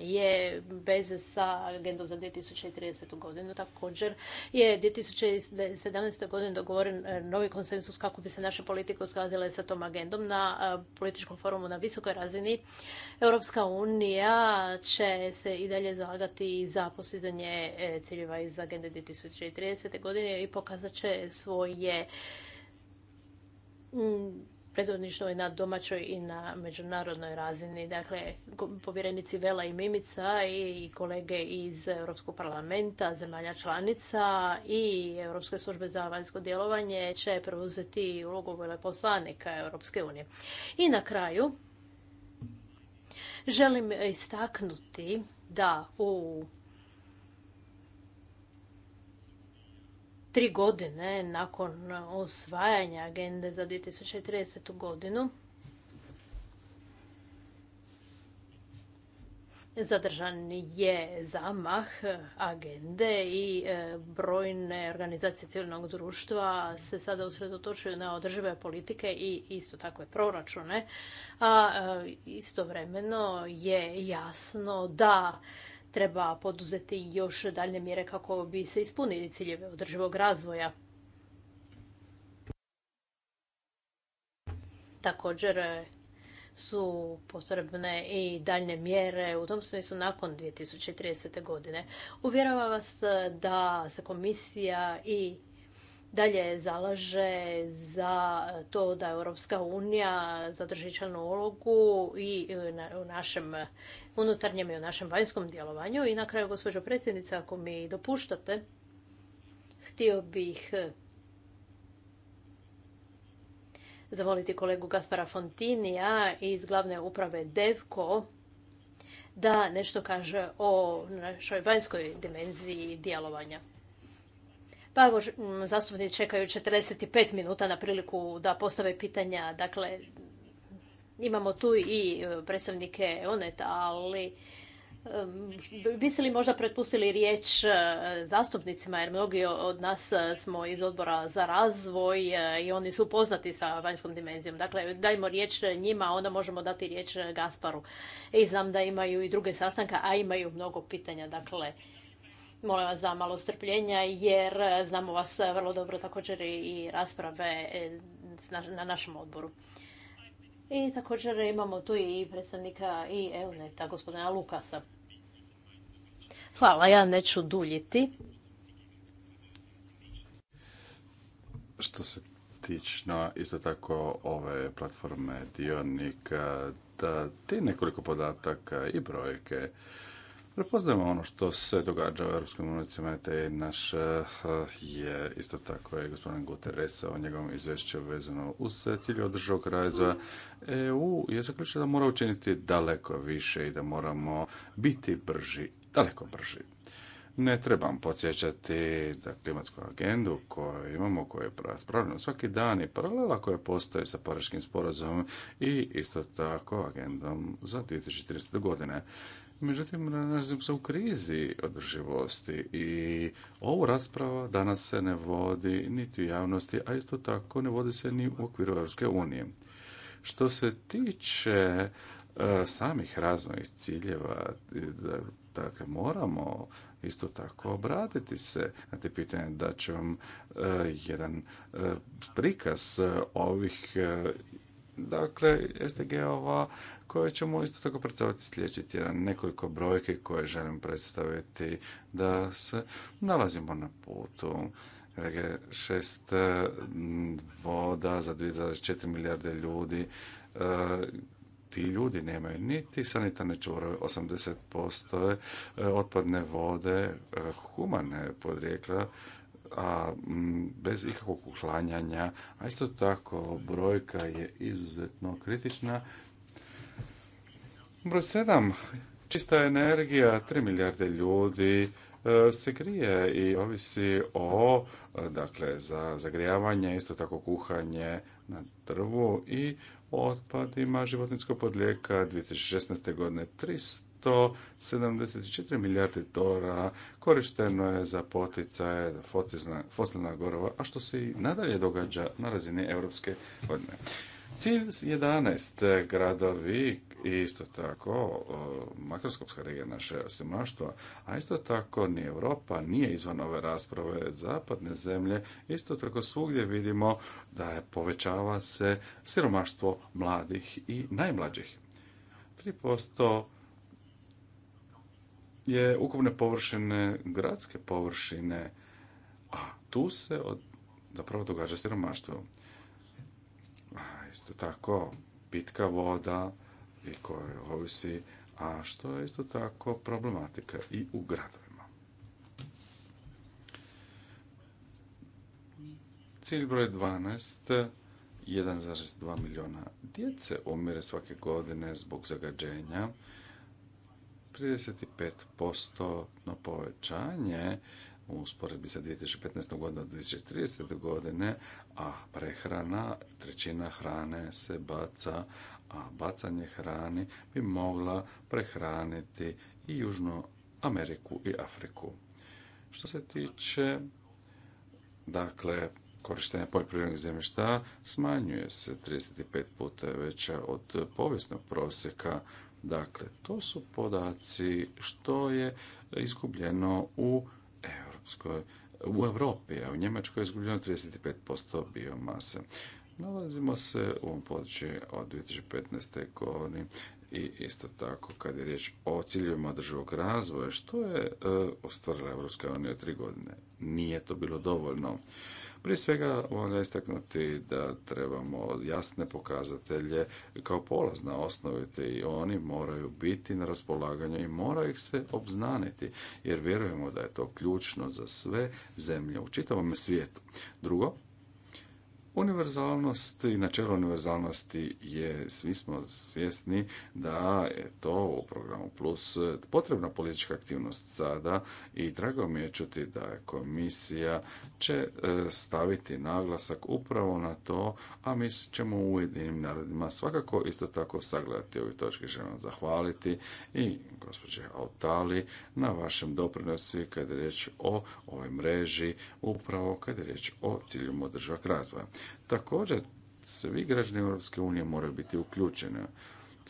je veze sa agendom za 2030. godinu. Također je 2017. godine dogovoren E, novi konsensus kako bi se naše politike uskladile sa tom agendom na e, političkom forumu na visokoj razini. Europska unija će se i dalje zalagati za postizanje e, ciljeva iz agende 2030. godine i pokazat će svoje predvodništvo i na domaćoj i na međunarodnoj razini. Dakle, povjerenici Vela i Mimica i kolege iz Europskog parlamenta, zemalja članica i Europske službe za vanjsko djelovanje će preuzeti ulogu veleposlanika Europske unije. I na kraju želim istaknuti da u tri godine nakon osvajanja agende za 2030. godinu zadržan je zamah agende i e, brojne organizacije civilnog društva se sada usredotočuju na održive politike i isto tako je proračune. A e, istovremeno je jasno da treba poduzeti još daljne mjere kako bi se ispunili ciljeve održivog razvoja. Također e, su potrebne i daljne mjere u tom smislu nakon 2030. godine. Uvjerava vas da se komisija i dalje zalaže za to da Europska unija zadrži članu ulogu i e, u našem unutarnjem i u našem vanjskom djelovanju. I na kraju, gospođo predsjednica, ako mi dopuštate, htio bih e, zavoliti kolegu Gaspara Fontinija iz glavne uprave DEVKO da nešto kaže o našoj vanjskoj dimenziji djelovanja. Pa evo, zastupnici čekaju 45 minuta na priliku da postave pitanja. Dakle, imamo tu i e, predstavnike Oneta, ali biste li možda prepustili riječ e, zastupnicima, jer mnogi od nas e, smo iz odbora za razvoj i oni su poznati sa vanjskom dimenzijom. Dakle, dajmo riječ njima, onda možemo dati riječ Gasparu. I znam da imaju i druge sastanka, a imaju mnogo pitanja. Dakle, Molim vas za malo strpljenja jer e, znamo vas e, vrlo dobro također i rasprave e, na našem odboru. I također imamo tu i predstavnika i Euneta, gospodina Lukasa. Hvala, ja neću duljiti. Što se tiče isto tako ove platforme dionika, da ti nekoliko podataka i brojke prepoznajemo ono što se događa u Europskim unijama, te naš eh, je isto tako je gospodin Guterresa o njegovom izvješću vezano uz cilje održavog razvoja. EU je zaključio da mora učiniti daleko više i da moramo biti brži, daleko brži. Ne trebam podsjećati da klimatsku agendu koju imamo, koju je raspravljamo svaki dan i paralela koja postoji sa Pariškim sporazumom i isto tako agendom za 2030. godine. Međutim, nalazimo se u krizi održivosti i ovu rasprava danas se ne vodi niti u javnosti, a isto tako ne vodi se ni u okviru Europske unije. Što se tiče e, samih razvojnih ciljeva, dakle, moramo isto tako obratiti se na te pitanje da će vam e, jedan e, prikaz ovih dakle SDG-ova koje ćemo isto tako predstaviti sljedeći tjedan. Nekoliko brojke koje želim predstaviti da se nalazimo na putu. RG6 mm, voda za 2,4 milijarde ljudi. E, ti ljudi nemaju niti sanitarne čvorove, 80% e, otpadne vode, e, humane podrijekla, a mm, bez ikakvog uklanjanja, a isto tako brojka je izuzetno kritična Broj sedam, Čista energija, 3 milijarde ljudi e, se grije i ovisi o, e, dakle, za zagrijavanje, isto tako kuhanje na drvu i otpadima životinskog podlijeka 2016. godine 374 milijarde dolara korišteno je za poticaje za fosilna gorova, a što se i nadalje događa na razini Europske godine. Cilj 11. gradovi i isto tako, makroskopska regija naše osimlaštva, a isto tako ni Europa nije izvan ove rasprave, zapadne zemlje, isto tako svugdje vidimo da je povećava se siromaštvo mladih i najmlađih. 3% je ukupne površine, gradske površine, a tu se zapravo događa siromaštvo. isto tako, pitka voda, i koje ovisi, a što je isto tako problematika i u gradovima. Cilj broj 12 1,2 milijuna djece umire svake godine zbog zagađenja. 35% povećanje u usporedbi sa 2015. godinom 2030. godine, a prehrana, trećina hrane se baca, a bacanje hrane bi mogla prehraniti i Južnu Ameriku i Afriku. Što se tiče dakle korištenja poljoprivrednih zemljišta smanjuje se 35 puta veća od povijesnog prosjeka. Dakle, to su podaci što je izgubljeno u u Europi, a u Njemačkoj je izgubljeno 35% biomase. Nalazimo se u ovom području od 2015. godine i isto tako kad je riječ o ciljevima održivog razvoja, što je e, ostvarila Evropska unija tri godine. Nije to bilo dovoljno. Prije svega moram istaknuti da trebamo jasne pokazatelje kao polazna osnoviti i oni moraju biti na raspolaganju i mora ih se obznaniti jer vjerujemo da je to ključno za sve zemlje u čitavom svijetu. Drugo, Univerzalnost i načelo univerzalnosti je, svi smo svjesni da je to u programu Plus potrebna politička aktivnost sada i drago mi je čuti da je komisija će e, staviti naglasak upravo na to, a mi ćemo u Ujedinim narodima svakako isto tako sagledati ovi točki, Želim zahvaliti i gospođe Autali na vašem doprinosu kada je riječ o ovoj mreži, upravo kada je riječ o cilju održivog razvoja. Također, svi građani Europske unije moraju biti uključeni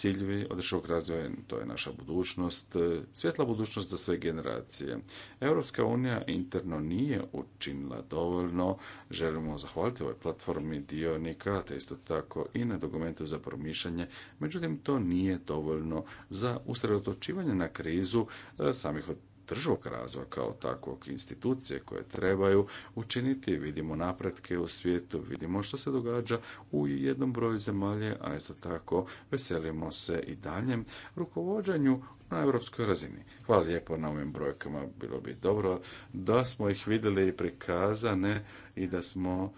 Ciljevi održivog razvoja, to je naša budućnost, e, svjetla budućnost za sve generacije. Europska unija interno nije učinila dovoljno. Želimo zahvaliti ovoj platformi dionika, te isto tako i na dokumentu za promišljanje. Međutim, to nije dovoljno za usredotočivanje na krizu e, samih održivog razvoja kao takvog institucije koje trebaju učiniti. Vidimo napretke u svijetu, vidimo što se događa u jednom broju zemalje, a isto tako veselimo se i daljem rukovođenju na europskoj razini. Hvala lijepo na ovim brojkama, bilo bi dobro da smo ih vidjeli i prikazane i da smo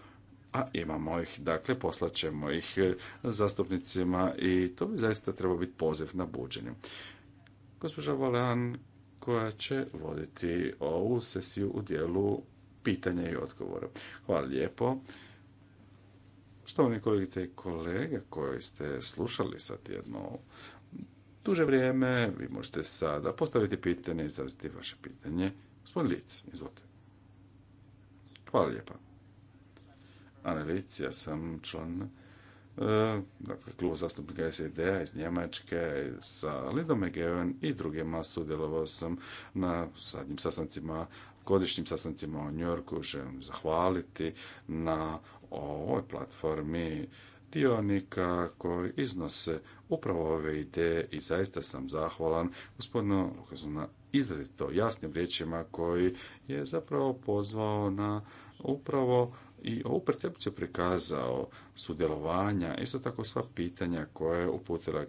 a imamo ih, dakle poslaćemo ih zastupnicima i to bi zaista trebao biti poziv na buđenje. Gospođa Valean, koja će voditi ovu sesiju u dijelu pitanja i odgovora. Hvala lijepo. Štovani kolegice i kolege koji ste slušali sad jedno duže vrijeme, vi možete sada postaviti pitanje i izraziti vaše pitanje. Gospodin Lic, izvolite. Hvala lijepa. Ana Lic, ja sam član E, dakle, klub zastupnika SED-a iz Njemačke, sa Lidom Egeven i drugima sudjelovao sam na zadnjim sastancima godišnjim sastancima u Njorku želim zahvaliti na ovoj platformi dionika koji iznose upravo ove ideje i zaista sam zahvalan gospodinu Lukasu na izrazito jasnim riječima koji je zapravo pozvao na upravo i ovu percepciju prikazao sudjelovanja, isto tako sva pitanja koje je uputila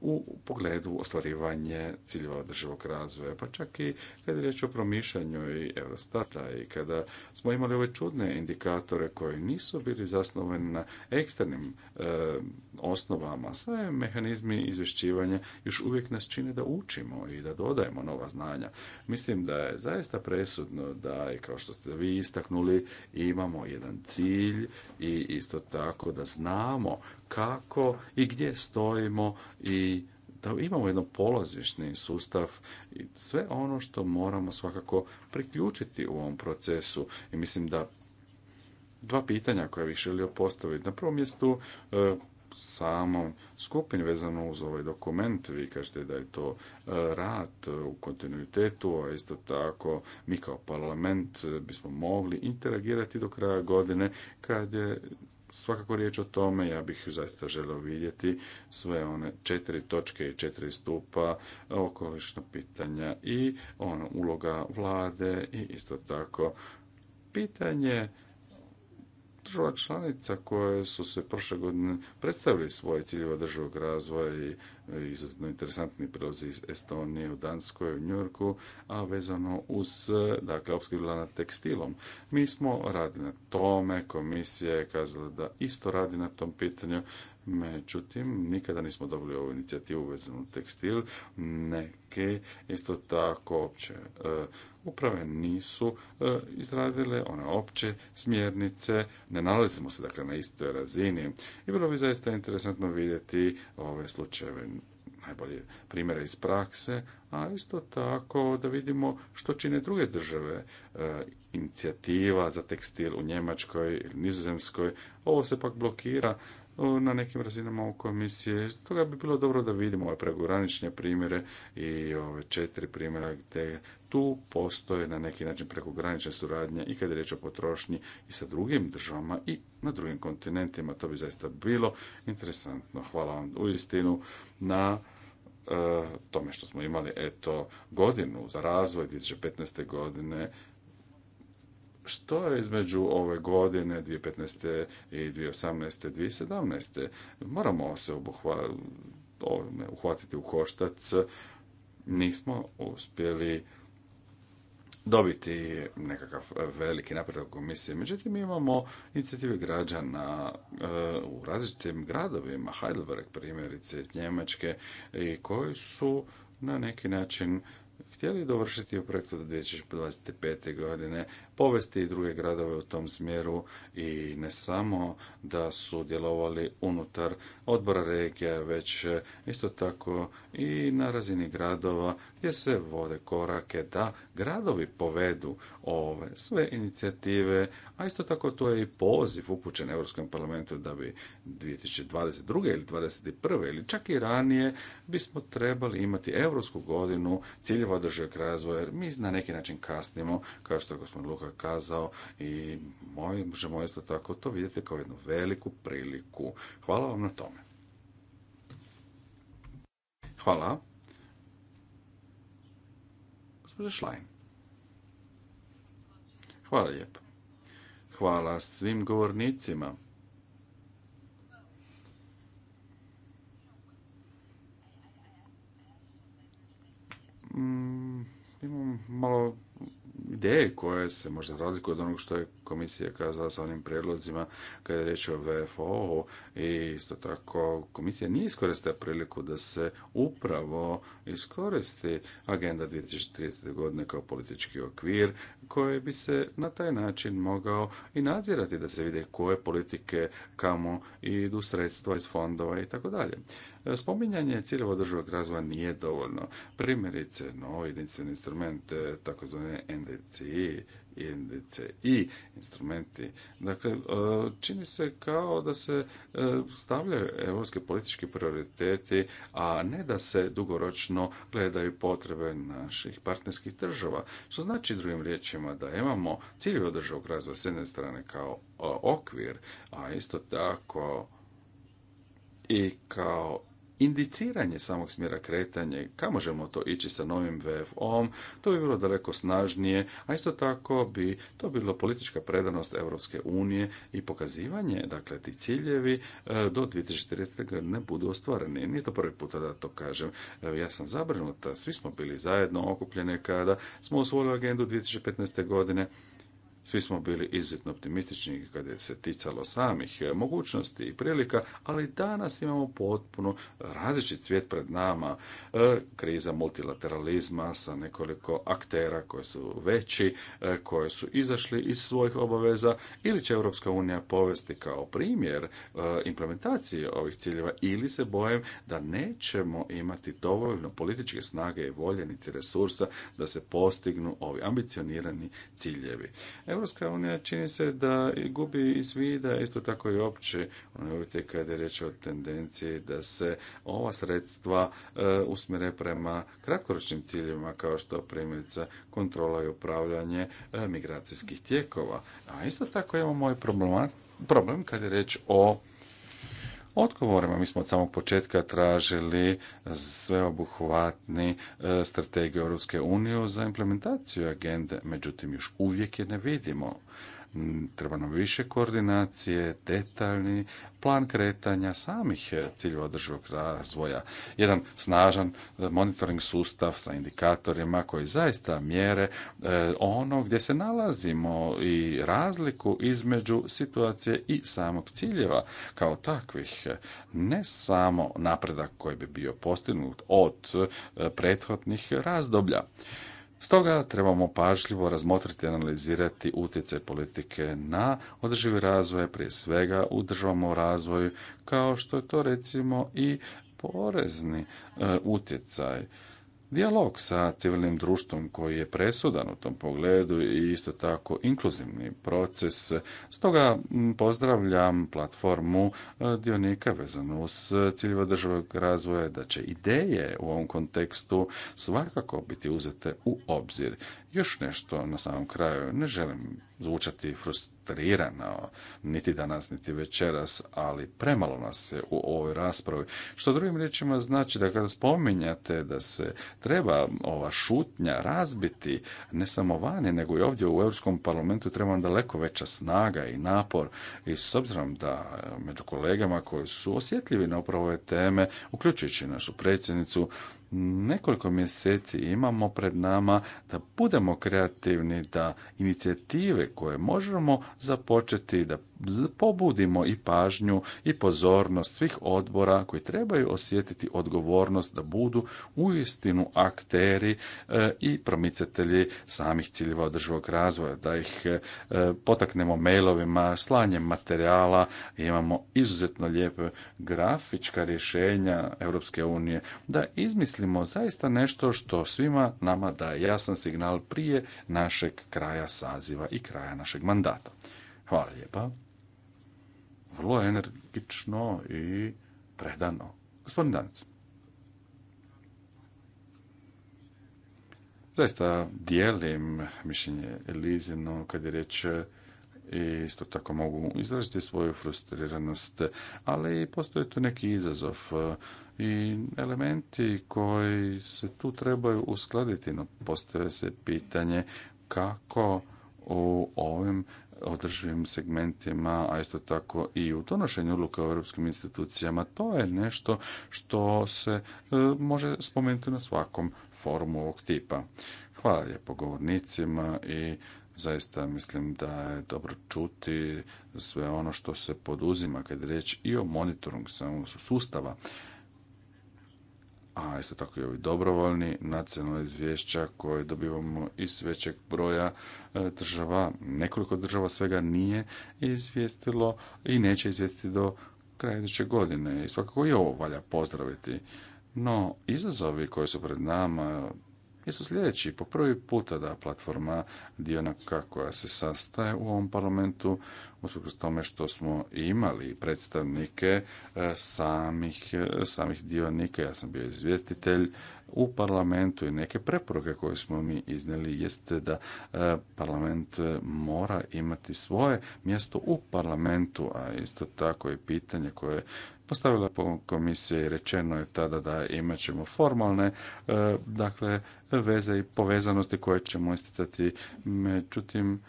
u pogledu ostvarivanje ciljeva održivog razvoja, pa čak i kada je riječ o promišljanju i Eurostata i kada smo imali ove čudne indikatore koji nisu bili zasnovani na eksternim e, osnovama, sve mehanizmi izvješćivanja još uvijek nas čine da učimo i da dodajemo nova znanja. Mislim da je zaista presudno da, i kao što ste vi istaknuli, imamo jedan cilj i isto tako tako da znamo kako i gdje stojimo i da imamo jedan polazišni sustav i sve ono što moramo svakako priključiti u ovom procesu. I mislim da dva pitanja koja bih želio postaviti. Na prvom mjestu e, samom skupini vezano uz ovaj dokument. Vi kažete da je to e, rad u kontinuitetu, a isto tako mi kao parlament e, bismo mogli interagirati do kraja godine kad je svakako riječ o tome, ja bih zaista želio vidjeti sve one četiri točke i četiri stupa okolišnog pitanja i ono uloga vlade i isto tako pitanje država članica koje su se prošle godine predstavili svoje ciljeve održivog razvoja i izuzetno interesantni prilozi iz Estonije, u Danskoj, u Njurku, a vezano uz dakle, opskrbila na tekstilom. Mi smo radili na tome, komisija je kazala da isto radi na tom pitanju, međutim, nikada nismo dobili ovu inicijativu vezanu tekstil, neke isto tako opće e, uprave nisu e, izradile one opće smjernice, ne nalazimo se dakle na istoj razini. I bilo bi zaista interesantno vidjeti ove slučajeve najbolje primjere iz prakse, a isto tako da vidimo što čine druge države. E, inicijativa za tekstil u Njemačkoj ili Nizozemskoj, ovo se pak blokira e, na nekim razinama u komisije. Stoga bi bilo dobro da vidimo ove pregoranične primjere i ove četiri primjera gdje tu postoje na neki način prekogranične suradnje i kada je riječ o potrošnji i sa drugim državama i na drugim kontinentima. To bi zaista bilo interesantno. Hvala vam istinu na e, tome što smo imali eto godinu za razvoj 2015. godine što je između ove godine 2015. i 2018. 2017. Moramo se uhvatiti u koštac. Nismo uspjeli dobiti nekakav e, veliki napredak u komisiji. Međutim, mi imamo inicijative građana e, u različitim gradovima, Heidelberg primjerice iz Njemačke, i koji su na neki način htjeli dovršiti u projektu do 2025. godine povesti i druge gradove u tom smjeru i ne samo da su djelovali unutar odbora regija, već isto tako i na razini gradova gdje se vode korake da gradovi povedu ove sve inicijative, a isto tako to je i poziv upućen Europskom parlamentu da bi 2022. ili 2021. ili čak i ranije bismo trebali imati Europsku godinu ciljeva održivog razvoja, jer mi na neki način kasnimo, kao što je gospodin Luka je kazao i možemo isto tako to vidjeti kao jednu veliku priliku. Hvala vam na tome. Hvala. Gospodin Šlajn. Hvala lijepo. Hvala svim govornicima. Mm, imam malo ideje koje se možda razlikuju od onog što je komisija kazala sa onim prijedlozima kada je riječ o VFO i isto tako komisija nije iskoristila priliku da se upravo iskoristi agenda 2030. godine kao politički okvir koji bi se na taj način mogao i nadzirati da se vide koje politike kamo idu sredstva iz fondova i tako dalje. Spominjanje ciljeva održivog razvoja nije dovoljno. Primjerice, no, jedinstveni instrument, e, takozvani NDCI, i instrumenti. Dakle, e, čini se kao da se e, stavljaju europske politički prioriteti, a ne da se dugoročno gledaju potrebe naših partnerskih država. Što znači drugim riječima da imamo ciljeve održavog razvoja s jedne strane kao okvir, a isto tako i kao indiciranje samog smjera kretanja, kamo možemo to ići sa novim VFO-om, to bi bilo daleko snažnije, a isto tako bi to bilo politička predanost Europske unije i pokazivanje, dakle, ti ciljevi e, do 2040. godine budu ostvareni. Nije to prvi puta da to kažem. Ja sam zabrinuta, svi smo bili zajedno okupljeni kada smo osvojili agendu 2015. godine svi smo bili izuzetno optimistični kada se ticalo samih e, mogućnosti i prilika, ali danas imamo potpuno različit svijet pred nama. E, kriza multilateralizma sa nekoliko aktera koji su veći, e, koji su izašli iz svojih obaveza ili će Europska unija povesti kao primjer implementacije ovih ciljeva ili se bojem da nećemo imati dovoljno političke snage i volje niti resursa da se postignu ovi ambicionirani ciljevi. Europska čini se da gubi iz vida isto tako i opće kada je riječ o tendenciji da se ova sredstva e, usmjere prema kratkoročnim ciljevima kao što primjerice kontrola i upravljanje e, migracijskih tijekova. A isto tako imamo i problem, kada kad je riječ o odgovorima. Mi smo od samog početka tražili sveobuhvatni e, strategiju Europske unije za implementaciju agende, međutim još uvijek je ne vidimo. Mm, treba nam više koordinacije, detaljni plan kretanja samih eh, ciljeva održivog razvoja. Jedan snažan eh, monitoring sustav sa indikatorima koji zaista mjere eh, ono gdje se nalazimo i razliku između situacije i samog ciljeva kao takvih. Ne samo napredak koji bi bio postignut od prethodnih razdoblja. Stoga trebamo pažljivo razmotriti i analizirati utjecaj politike na održivi razvoj, prije svega u državama razvoju, kao što je to recimo i porezni e, utjecaj Dijalog sa civilnim društvom koji je presudan u tom pogledu i isto tako inkluzivni proces. Stoga pozdravljam platformu e, dionika vezano uz ciljeva državnog razvoja da će ideje u ovom kontekstu svakako biti uzete u obzir. Još nešto na samom kraju. Ne želim zvučati frustrirajući koncentrirano, niti danas, niti večeras, ali premalo nas je u ovoj raspravi. Što drugim riječima znači da kada spominjate da se treba ova šutnja razbiti, ne samo vani, nego i ovdje u Europskom parlamentu treba daleko veća snaga i napor. I s obzirom da među kolegama koji su osjetljivi na upravo ove teme, uključujući našu predsjednicu, nekoliko mjeseci imamo pred nama da budemo kreativni, da inicijative koje možemo započeti, da pobudimo i pažnju i pozornost svih odbora koji trebaju osjetiti odgovornost da budu uistinu akteri e, i promicatelji samih ciljeva održivog razvoja, da ih e, potaknemo mailovima, slanjem materijala, imamo izuzetno lijepe grafička rješenja Europske unije, da izmislimo zaista nešto što svima nama daje jasan signal prije našeg kraja saziva i kraja našeg mandata. Hvala lijepa. Vrlo energično i predano. Gospodin Zaista dijelim mišljenje Elizino kad je riječ e, isto tako mogu izraziti svoju frustriranost, ali postoji tu neki izazov i elementi koji se tu trebaju uskladiti. No, postoje se pitanje kako u ovim održivim segmentima, a isto tako i u donošenju odluka u europskim institucijama. To je nešto što se e, može spomenuti na svakom forumu ovog tipa. Hvala lijepo govornicima i zaista mislim da je dobro čuti sve ono što se poduzima kad je riječ i o monitoringu samog sustava a isto tako i ovi dobrovoljni nacionalni izvješća koje dobivamo iz većeg broja e, država, nekoliko država svega nije izvijestilo i neće izvijestiti do kraja iduće godine. I svakako i ovo valja pozdraviti. No, izazovi koji su pred nama, jesu sljedeći. Po prvi puta da platforma dionaka koja se sastaje u ovom parlamentu, usprkos tome što smo imali predstavnike e, samih, e, samih dionika, ja sam bio izvjestitelj u parlamentu i neke preporuke koje smo mi iznijeli jeste da e, parlament mora imati svoje mjesto u parlamentu, a isto tako i pitanje koje postavila po komisiji, rečeno je tada da imat ćemo formalne e, dakle, veze i povezanosti koje ćemo isticati. Međutim,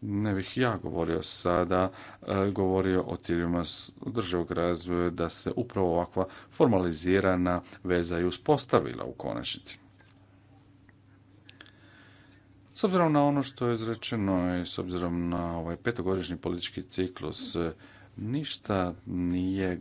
ne bih ja govorio sada, e, govorio o ciljevima državog razvoja da se upravo ovakva formalizirana veza i uspostavila u konačnici. S obzirom na ono što je izrečeno i s obzirom na ovaj petogodišnji politički ciklus, ništa nije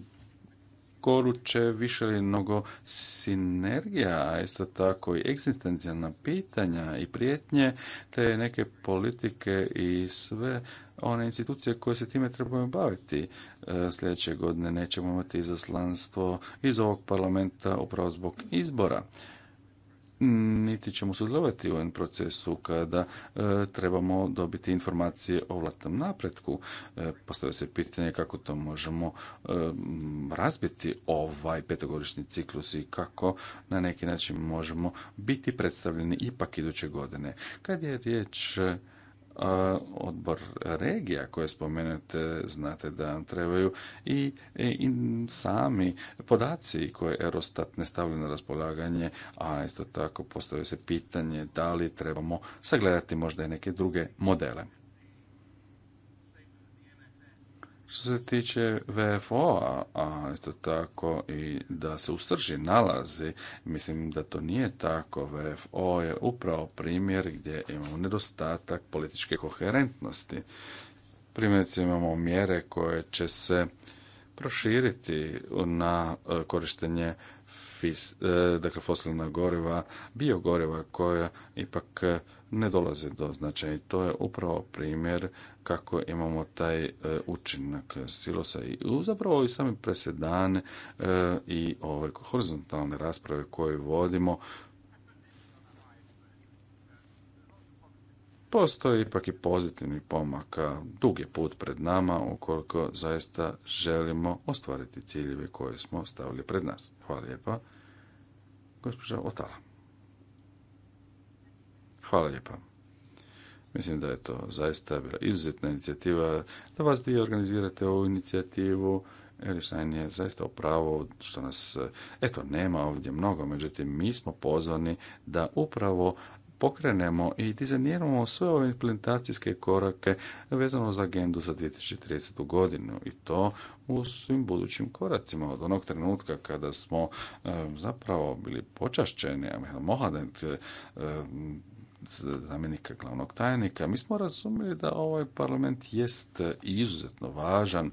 će više ili mnogo sinergija, a isto tako i egzistencijalna pitanja i prijetnje, te neke politike i sve one institucije koje se time trebaju baviti. E, sljedeće godine nećemo imati izaslanstvo iz ovog parlamenta upravo zbog izbora niti ćemo sudjelovati u ovom procesu kada e, trebamo dobiti informacije o vlastnom napretku. E, postavlja se pitanje kako to možemo e, razbiti ovaj petogodišnji ciklus i kako na neki način možemo biti predstavljeni ipak iduće godine. Kad je riječ odbor regija koje spomenete, znate da nam trebaju i, i sami podaci koje Eurostat ne stavlja na raspolaganje, a isto tako postavlja se pitanje da li trebamo sagledati možda i neke druge modele. Što se tiče VFO-a, a isto tako i da se u srži nalazi, mislim da to nije tako. VFO je upravo primjer gdje imamo nedostatak političke koherentnosti. Primjerice imamo mjere koje će se proširiti na e, korištenje fis, e, dakle, fosilna goriva, biogoriva koja ipak e, ne dolaze do značaja. I to je upravo primjer kako imamo taj e, učinak silosa i zapravo i sami presedan e, i ove horizontalne rasprave koje vodimo postoji ipak i pozitivni pomaka. Dug je put pred nama ukoliko zaista želimo ostvariti ciljeve koje smo stavili pred nas. Hvala lijepa. Gospođa Otala. Hvala lijepa. Mislim da je to zaista bila izuzetna inicijativa da vas vi organizirate ovu inicijativu. Erištajn je zaista upravo što nas, eto, nema ovdje mnogo, međutim, mi smo pozvani da upravo pokrenemo i dizajniramo sve ove implementacijske korake vezano za agendu za 2030. godinu i to u svim budućim koracima od onog trenutka kada smo e, zapravo bili počašćeni, Mohamed e, zamjenika glavnog tajnika, mi smo razumjeli da ovaj parlament jest izuzetno važan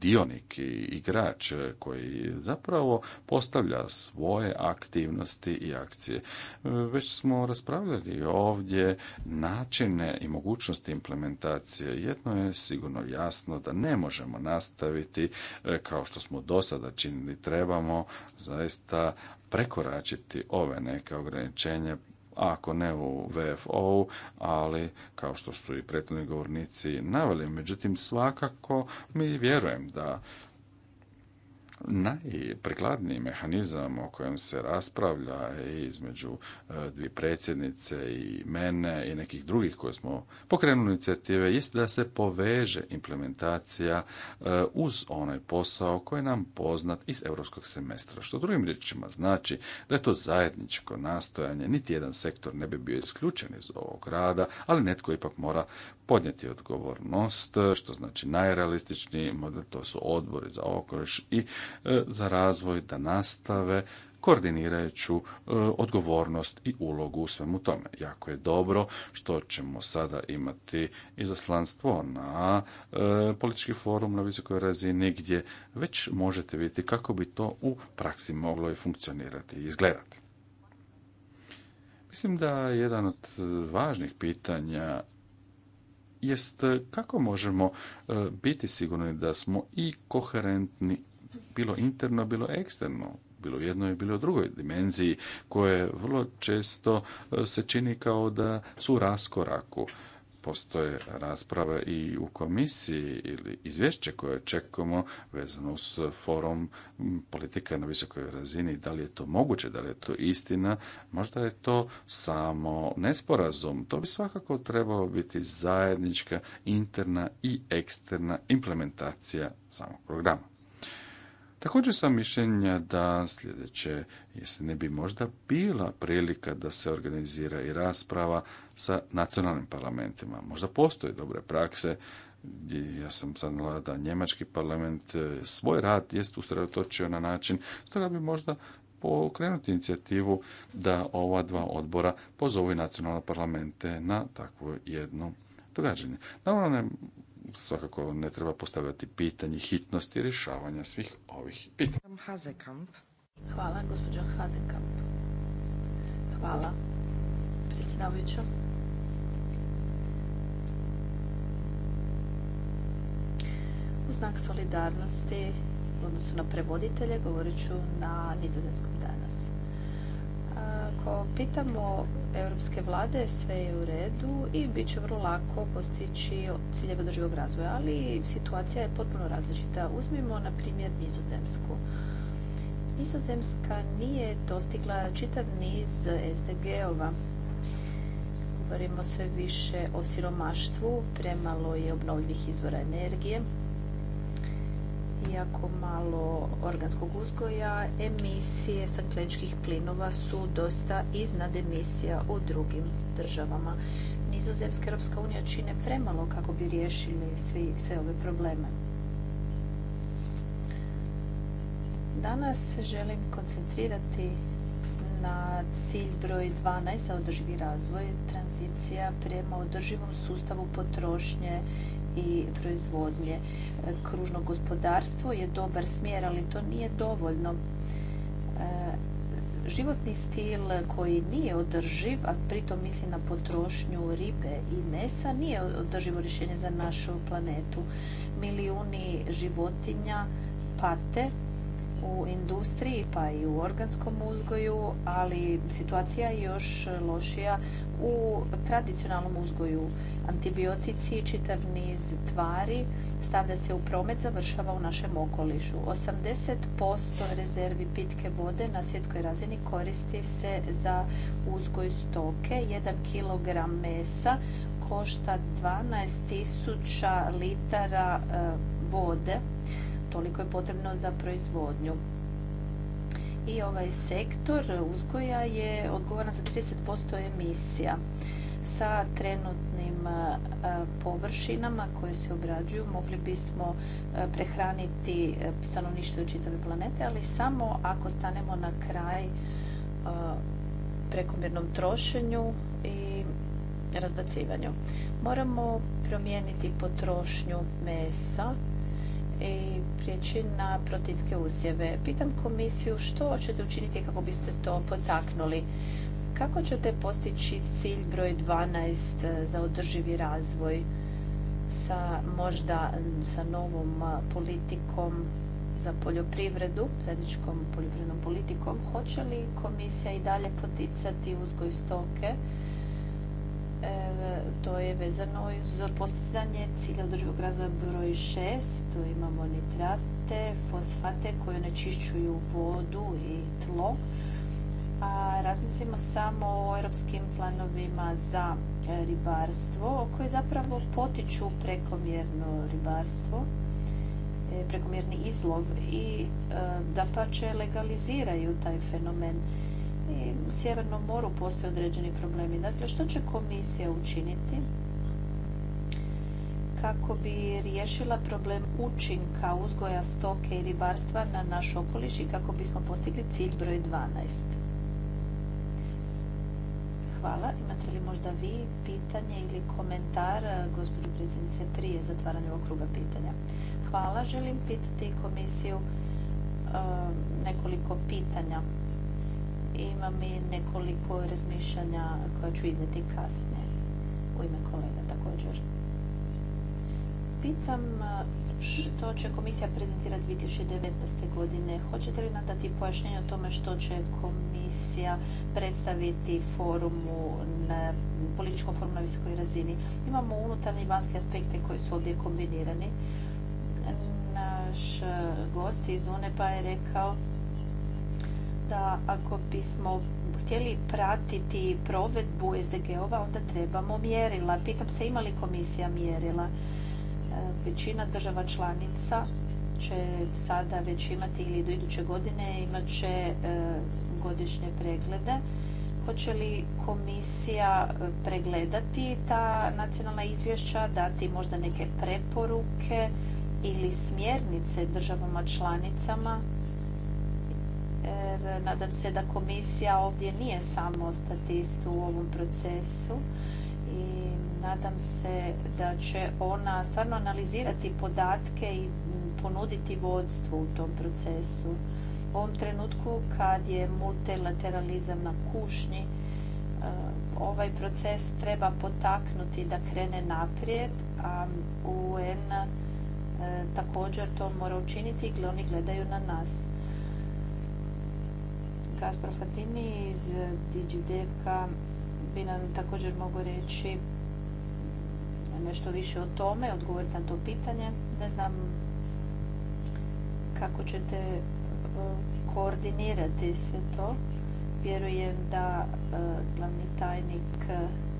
dionik i igrač koji zapravo postavlja svoje aktivnosti i akcije. Već smo raspravljali ovdje načine i mogućnosti implementacije. Jedno je sigurno jasno da ne možemo nastaviti e, kao što smo do sada činili. Trebamo zaista prekoračiti ove neke ograničenja ako ne u VFO, ali kao što su i prethodni govornici naveli. Međutim, svakako mi vjerujem da najprikladniji mehanizam o kojem se raspravlja između e, dvije predsjednice i mene i nekih drugih koje smo pokrenuli inicijative jest da se poveže implementacija e, uz onaj posao koji je nam poznat iz europskog semestra. Što drugim riječima znači da je to zajedničko nastojanje, niti jedan sektor ne bi bio isključen iz ovog rada, ali netko ipak mora podnijeti odgovornost, što znači najrealističniji model, to su odbori za okoliš i e, za razvoj da nastave koordinirajuću e, odgovornost i ulogu u svemu tome. Jako je dobro što ćemo sada imati izaslanstvo na e, politički forum na visokoj razini gdje već možete vidjeti kako bi to u praksi moglo i funkcionirati i izgledati. Mislim da jedan od važnih pitanja jest e, kako možemo e, biti sigurni da smo i koherentni bilo interno, bilo eksterno bilo u jednoj, bilo drugoj dimenziji, koje vrlo često e, se čini kao da su u raskoraku postoje rasprave i u komisiji ili izvješće koje očekujemo vezano s forum politike na visokoj razini. Da li je to moguće, da li je to istina, možda je to samo nesporazum. To bi svakako trebalo biti zajednička interna i eksterna implementacija samog programa. Također sam mišljenja da sljedeće ne bi možda bila prilika da se organizira i rasprava sa nacionalnim parlamentima. Možda postoje dobre prakse ja sam sad da njemački parlament e, svoj rad jest usredotočio na način, stoga bi možda pokrenuti inicijativu da ova dva odbora pozovu nacionalne parlamente na takvo jedno događanje. Naravno, svakako ne treba postavljati pitanje hitnosti rješavanja svih ovih pitanja. Hvala, gospođo Hazekamp. Hvala, predsjedavajuću. U znak solidarnosti u odnosu na prevoditelje govorit ću na nizozemskom danas. Ko pitamo europske vlade, sve je u redu i bit će vrlo lako postići ciljeve održivog razvoja, ali situacija je potpuno različita. Uzmimo na primjer Nizozemsku. Nizozemska nije dostigla čitav niz SDG-ova. Govorimo sve više o siromaštvu, premalo je obnovljivih izvora energije jako malo organskog uzgoja, emisije stakleničkih plinova su dosta iznad emisija u drugim državama. Nizozemska Europska unija čine premalo kako bi riješili sve ove probleme. Danas želim koncentrirati na cilj broj 12 za održivi razvoj, tranzicija prema održivom sustavu potrošnje i proizvodnje. E, kružno gospodarstvo je dobar smjer, ali to nije dovoljno. E, životni stil koji nije održiv, a pritom mislim na potrošnju ribe i mesa, nije održivo rješenje za našu planetu. Milijuni životinja pate u industriji pa i u organskom uzgoju, ali situacija je još lošija u tradicionalnom uzgoju antibiotici i čitav niz tvari stavlja se u promet, završava u našem okolišu. 80% rezervi pitke vode na svjetskoj razini koristi se za uzgoj stoke. 1 kg mesa košta 12.000 litara e, vode. Toliko je potrebno za proizvodnju i ovaj sektor uzgoja je odgovoran za 30% emisija. Sa trenutnim površinama koje se obrađuju mogli bismo prehraniti e, stanovništvo čitave planete, ali samo ako stanemo na kraj prekomjernom trošenju i razbacivanju. Moramo promijeniti potrošnju mesa i prijeći na proteinske usjeve. Pitam komisiju što hoćete učiniti kako biste to potaknuli. Kako ćete postići cilj broj 12 e, za održivi razvoj sa možda sa novom politikom za poljoprivredu, zajedničkom poljoprivrednom politikom? Hoće li komisija i dalje poticati uzgoj stoke to je vezano za postizanje cilja održivog razvoja broj 6. Tu imamo nitrate, fosfate koji onečišćuju vodu i tlo. A razmislimo samo o europskim planovima za e, ribarstvo koje zapravo potiču prekomjerno ribarstvo e, prekomjerni izlov i e, da će legaliziraju taj fenomen u Sjevernom moru postoje određeni problemi. Dakle, što će komisija učiniti kako bi riješila problem učinka uzgoja stoke i ribarstva na naš okoliš i kako bismo postigli cilj broj 12? Hvala. Imate li možda vi pitanje ili komentar, eh, gospođo predsjednice, prije zatvaranja ovog kruga pitanja? Hvala. Želim pitati komisiju eh, nekoliko pitanja imam i nekoliko razmišljanja koje ću izneti kasnije u ime kolega također. Pitam što će komisija prezentirati 2019. godine. Hoćete li nam dati pojašnjenje o tome što će komisija predstaviti forumu na političkom forumu na visokoj razini? Imamo unutarnje i vanjske aspekte koji su ovdje kombinirani. Naš gost iz UNEPA je rekao da ako bismo htjeli pratiti provedbu SDG-ova, onda trebamo mjerila. Pitam se ima li komisija mjerila. E, većina država članica će sada već imati ili do iduće godine imat će e, godišnje preglede. Hoće li komisija e, pregledati ta nacionalna izvješća, dati možda neke preporuke ili smjernice državama članicama E, nadam se da komisija ovdje nije samo statist u ovom procesu i nadam se da će ona stvarno analizirati podatke i ponuditi vodstvu u tom procesu. U ovom trenutku kad je multilateralizam na kušnji, e, ovaj proces treba potaknuti da krene naprijed, a UN e, također to mora učiniti i oni gledaju na nas. Gaspar Fatini iz Digideka bi nam također mogu reći nešto više o tome, odgovoriti na to pitanje. Ne znam kako ćete e, koordinirati sve to. Vjerujem da e, glavni tajnik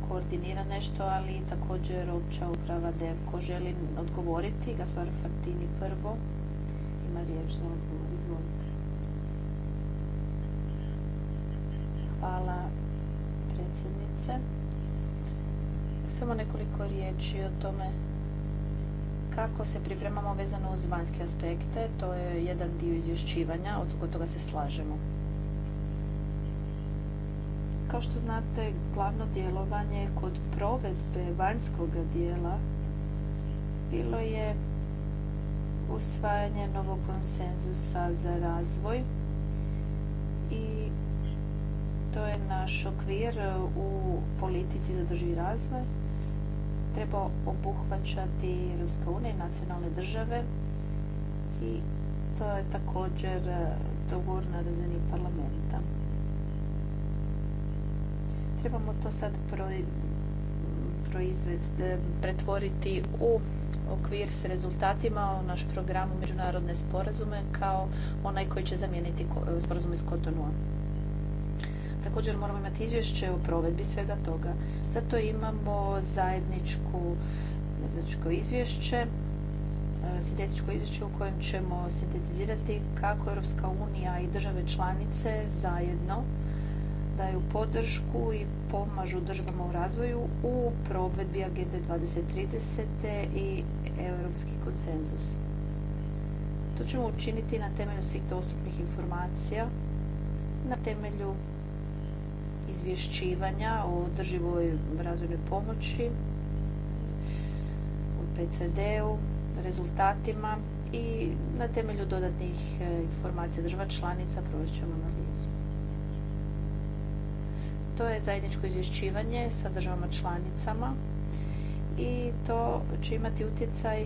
koordinira nešto, ali također opća uprava Devko. želi odgovoriti. Gaspar Fatini prvo. Ima riječ za odgovor. Izvolite. Hvala predsjednice. Samo nekoliko riječi o tome kako se pripremamo vezano uz vanjske aspekte. To je jedan dio izvješćivanja, od toga se slažemo. Kao što znate, glavno djelovanje kod provedbe vanjskog dijela bilo je usvajanje novog konsenzusa za razvoj to je naš okvir e, u politici za drživi razvoj. Treba obuhvaćati Europska unija i nacionalne države i to je također e, dogovor na razini parlamenta. Trebamo to sad pretvoriti u okvir s rezultatima u naš program međunarodne sporazume kao onaj koji će zamijeniti e, sporazum iz Kotonua također moramo imati izvješće o provedbi svega toga. Zato imamo zajedničku, zajedničko izvješće, e, sintetičko izvješće u kojem ćemo sintetizirati kako Europska unija i države članice zajedno daju podršku i pomažu državama u razvoju u provedbi Agende 2030. i Europski konsenzus. To ćemo učiniti na temelju svih dostupnih informacija, na temelju izvješćivanja o održivoj razvojnoj pomoći, u PCD-u, rezultatima i na temelju dodatnih e, informacija država članica provest analizu. To je zajedničko izvješćivanje sa državama članicama i to će imati utjecaj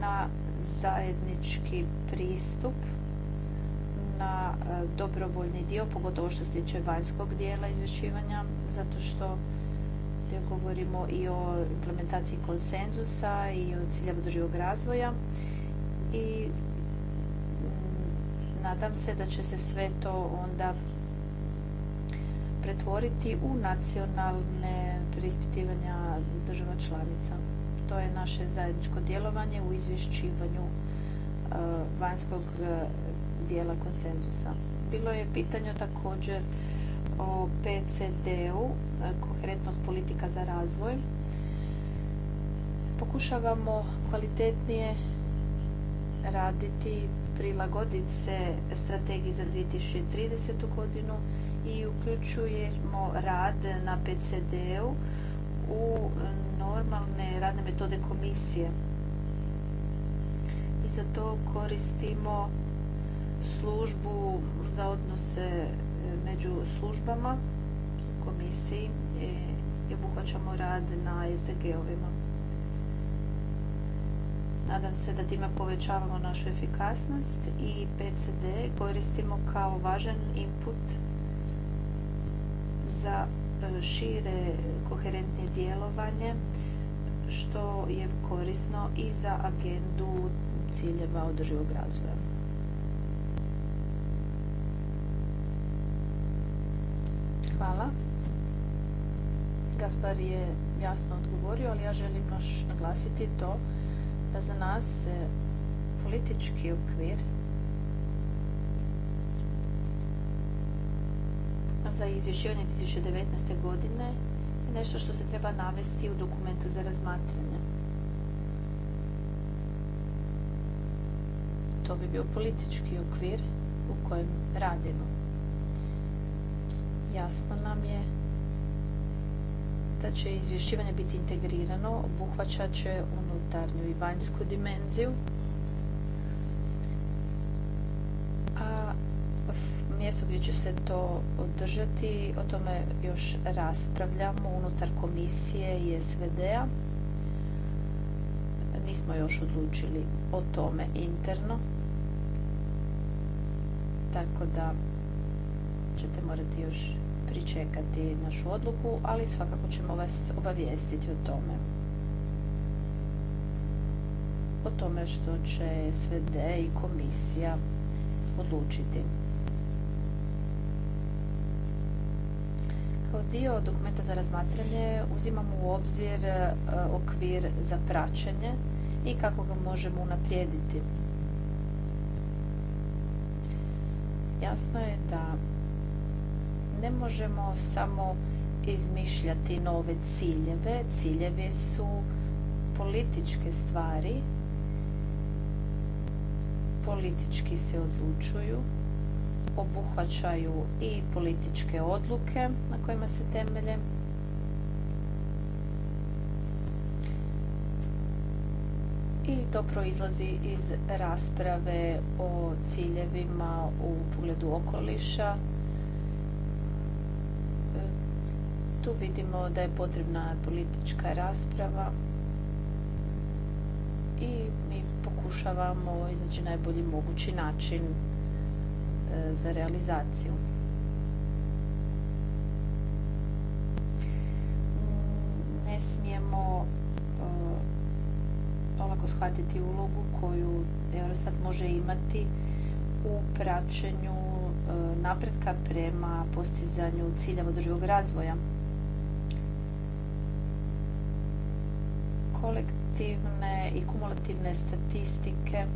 na zajednički pristup na e, dobrovoljni dio, pogotovo što se tiče vanjskog dijela izvješćivanja, zato što govorimo i o implementaciji konsenzusa i o ciljama održivog razvoja i mm, nadam se da će se sve to onda pretvoriti u nacionalne preispitivanja država članica. To je naše zajedničko djelovanje u izvješćivanju e, vanjskog e, dijela konsenzusa. Bilo je pitanje također o PCD-u, e, koherentnost politika za razvoj. Pokušavamo kvalitetnije raditi, prilagoditi se strategiji za 2030. godinu i uključujemo rad na PCD-u u normalne radne metode komisije. I za to koristimo službu za odnose e, među službama komisiji i obuhvaćamo rad na SDG-ovima. Nadam se da time povećavamo našu efikasnost i PCD koristimo kao važan input za e, šire koherentne djelovanje što je korisno i za agendu ciljeva održivog razvoja. Hvala. Gaspar je jasno odgovorio, ali ja želim još naglasiti to da za nas politički okvir za izvješćivanje 2019. godine je nešto što se treba navesti u dokumentu za razmatranje. To bi bio politički okvir u kojem radimo jasno nam je da će izvješćivanje biti integrirano, obuhvaćat će unutarnju i vanjsku dimenziju, a mjesto gdje će se to održati, o tome još raspravljamo unutar komisije i SVD-a. Nismo još odlučili o tome interno, tako da ćete morati još pričekati našu odluku, ali svakako ćemo vas obavijestiti o tome. O tome što će SVD i komisija odlučiti. Kao dio dokumenta za razmatranje uzimamo u obzir e, okvir za praćenje i kako ga možemo unaprijediti. Jasno je da ne možemo samo izmišljati nove ciljeve. Ciljevi su političke stvari. Politički se odlučuju, obuhvaćaju i političke odluke na kojima se temelje. I to proizlazi iz rasprave o ciljevima u pogledu okoliša, tu vidimo da je potrebna politička rasprava i mi pokušavamo iznaći najbolji mogući način e, za realizaciju. Ne smijemo e, olako shvatiti ulogu koju Eurostat može imati u praćenju e, napretka prema postizanju ciljeva održivog razvoja. Kolektivne i kumulativne statistike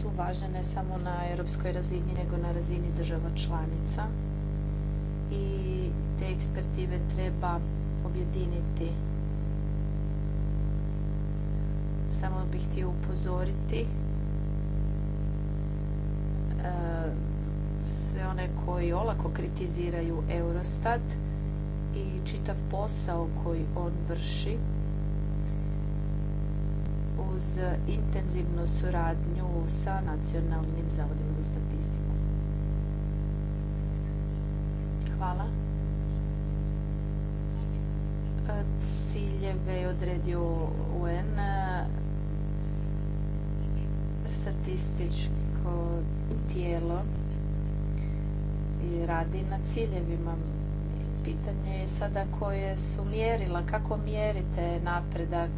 su važne ne samo na europskoj razini, nego na razini država članica. I te ekspertive treba objediniti. Samo bih htio upozoriti e, sve one koji olako kritiziraju Eurostat i čitav posao koji on vrši uz intenzivnu suradnju sa nacionalnim zavodima za statistiku. Hvala. E, ciljeve je odredio UN statističko tijelo i radi na ciljevima pitanje je sada koje su mjerila, kako mjerite napredak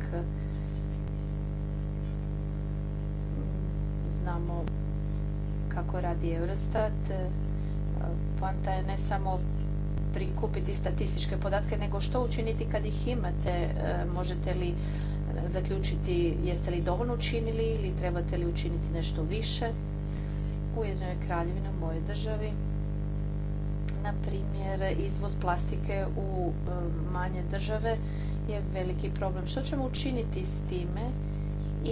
znamo kako radi Eurostat. E, poanta je ne samo prikupiti statističke podatke, nego što učiniti kad ih imate. E, možete li zaključiti jeste li dovoljno učinili ili trebate li učiniti nešto više. U je kraljevini u mojoj državi na primjer izvoz plastike u e, manje države je veliki problem. Što ćemo učiniti s time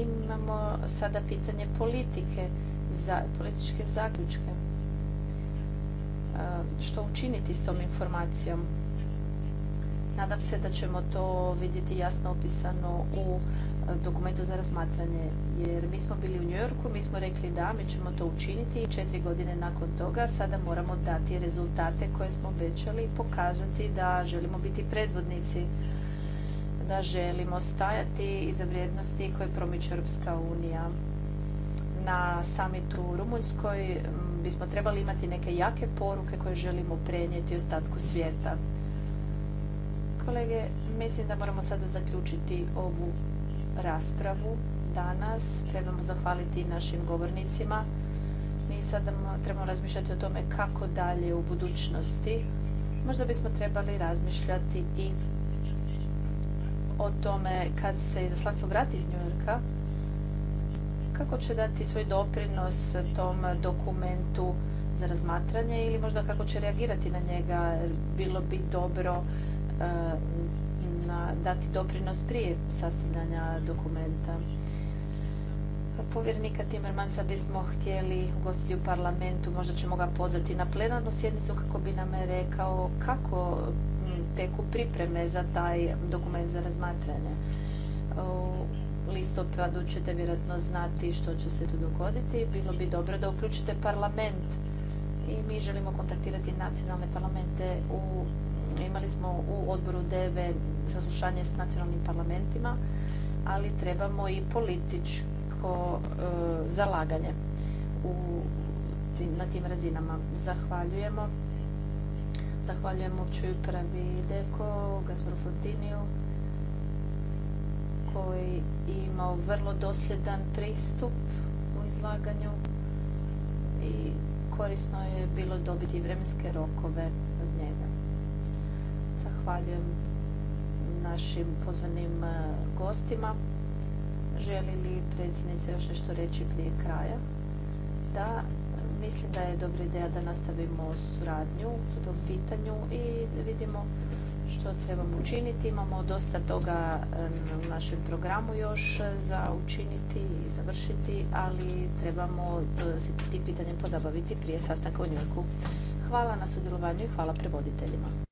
imamo sada pitanje politike, za, političke zaključke. E, što učiniti s tom informacijom? Nadam se da ćemo to vidjeti jasno opisano u e, dokumentu za razmatranje. Jer mi smo bili u New mi smo rekli da, mi ćemo to učiniti i četiri godine nakon toga sada moramo dati rezultate koje smo obećali i pokazati da želimo biti predvodnici da želimo stajati iza vrijednosti koje promiče Europska unija. Na samitu u Rumunjskoj bismo trebali imati neke jake poruke koje želimo prenijeti ostatku svijeta. Kolege, mislim da moramo sada zaključiti ovu raspravu danas. Trebamo zahvaliti našim govornicima. Mi sada trebamo razmišljati o tome kako dalje u budućnosti. Možda bismo trebali razmišljati i o tome kad se izaslanstvo vrati iz Njujorka, kako će dati svoj doprinos tom dokumentu za razmatranje ili možda kako će reagirati na njega. Bilo bi dobro e, dati doprinos prije sastavljanja dokumenta. Pa Povjernika Timmermansa bismo htjeli ugostiti u parlamentu, možda ćemo ga pozvati na plenarnu sjednicu kako bi nam rekao kako teku pripreme za taj dokument za razmatranje. U listopadu ćete vjerojatno znati što će se tu dogoditi. Bilo bi dobro da uključite parlament i mi želimo kontaktirati nacionalne parlamente. U, imali smo u odboru DV saslušanje s nacionalnim parlamentima, ali trebamo i političko e, zalaganje u, na tim razinama. Zahvaljujemo. Zahvaljujem općoj upravi Deko, Gazpro koji je imao vrlo dosljedan pristup u izlaganju i korisno je bilo dobiti vremenske rokove od njega. Zahvaljujem našim pozvanim eh, gostima. Želi li predsjednica još nešto reći prije kraja? Da, Mislim da je dobra ideja da nastavimo suradnju u tom pitanju i vidimo što trebamo učiniti. Imamo dosta toga u našem programu još za učiniti i završiti, ali trebamo se tim pitanjem pozabaviti prije sastanka u nju. Hvala na sudjelovanju i hvala prevoditeljima.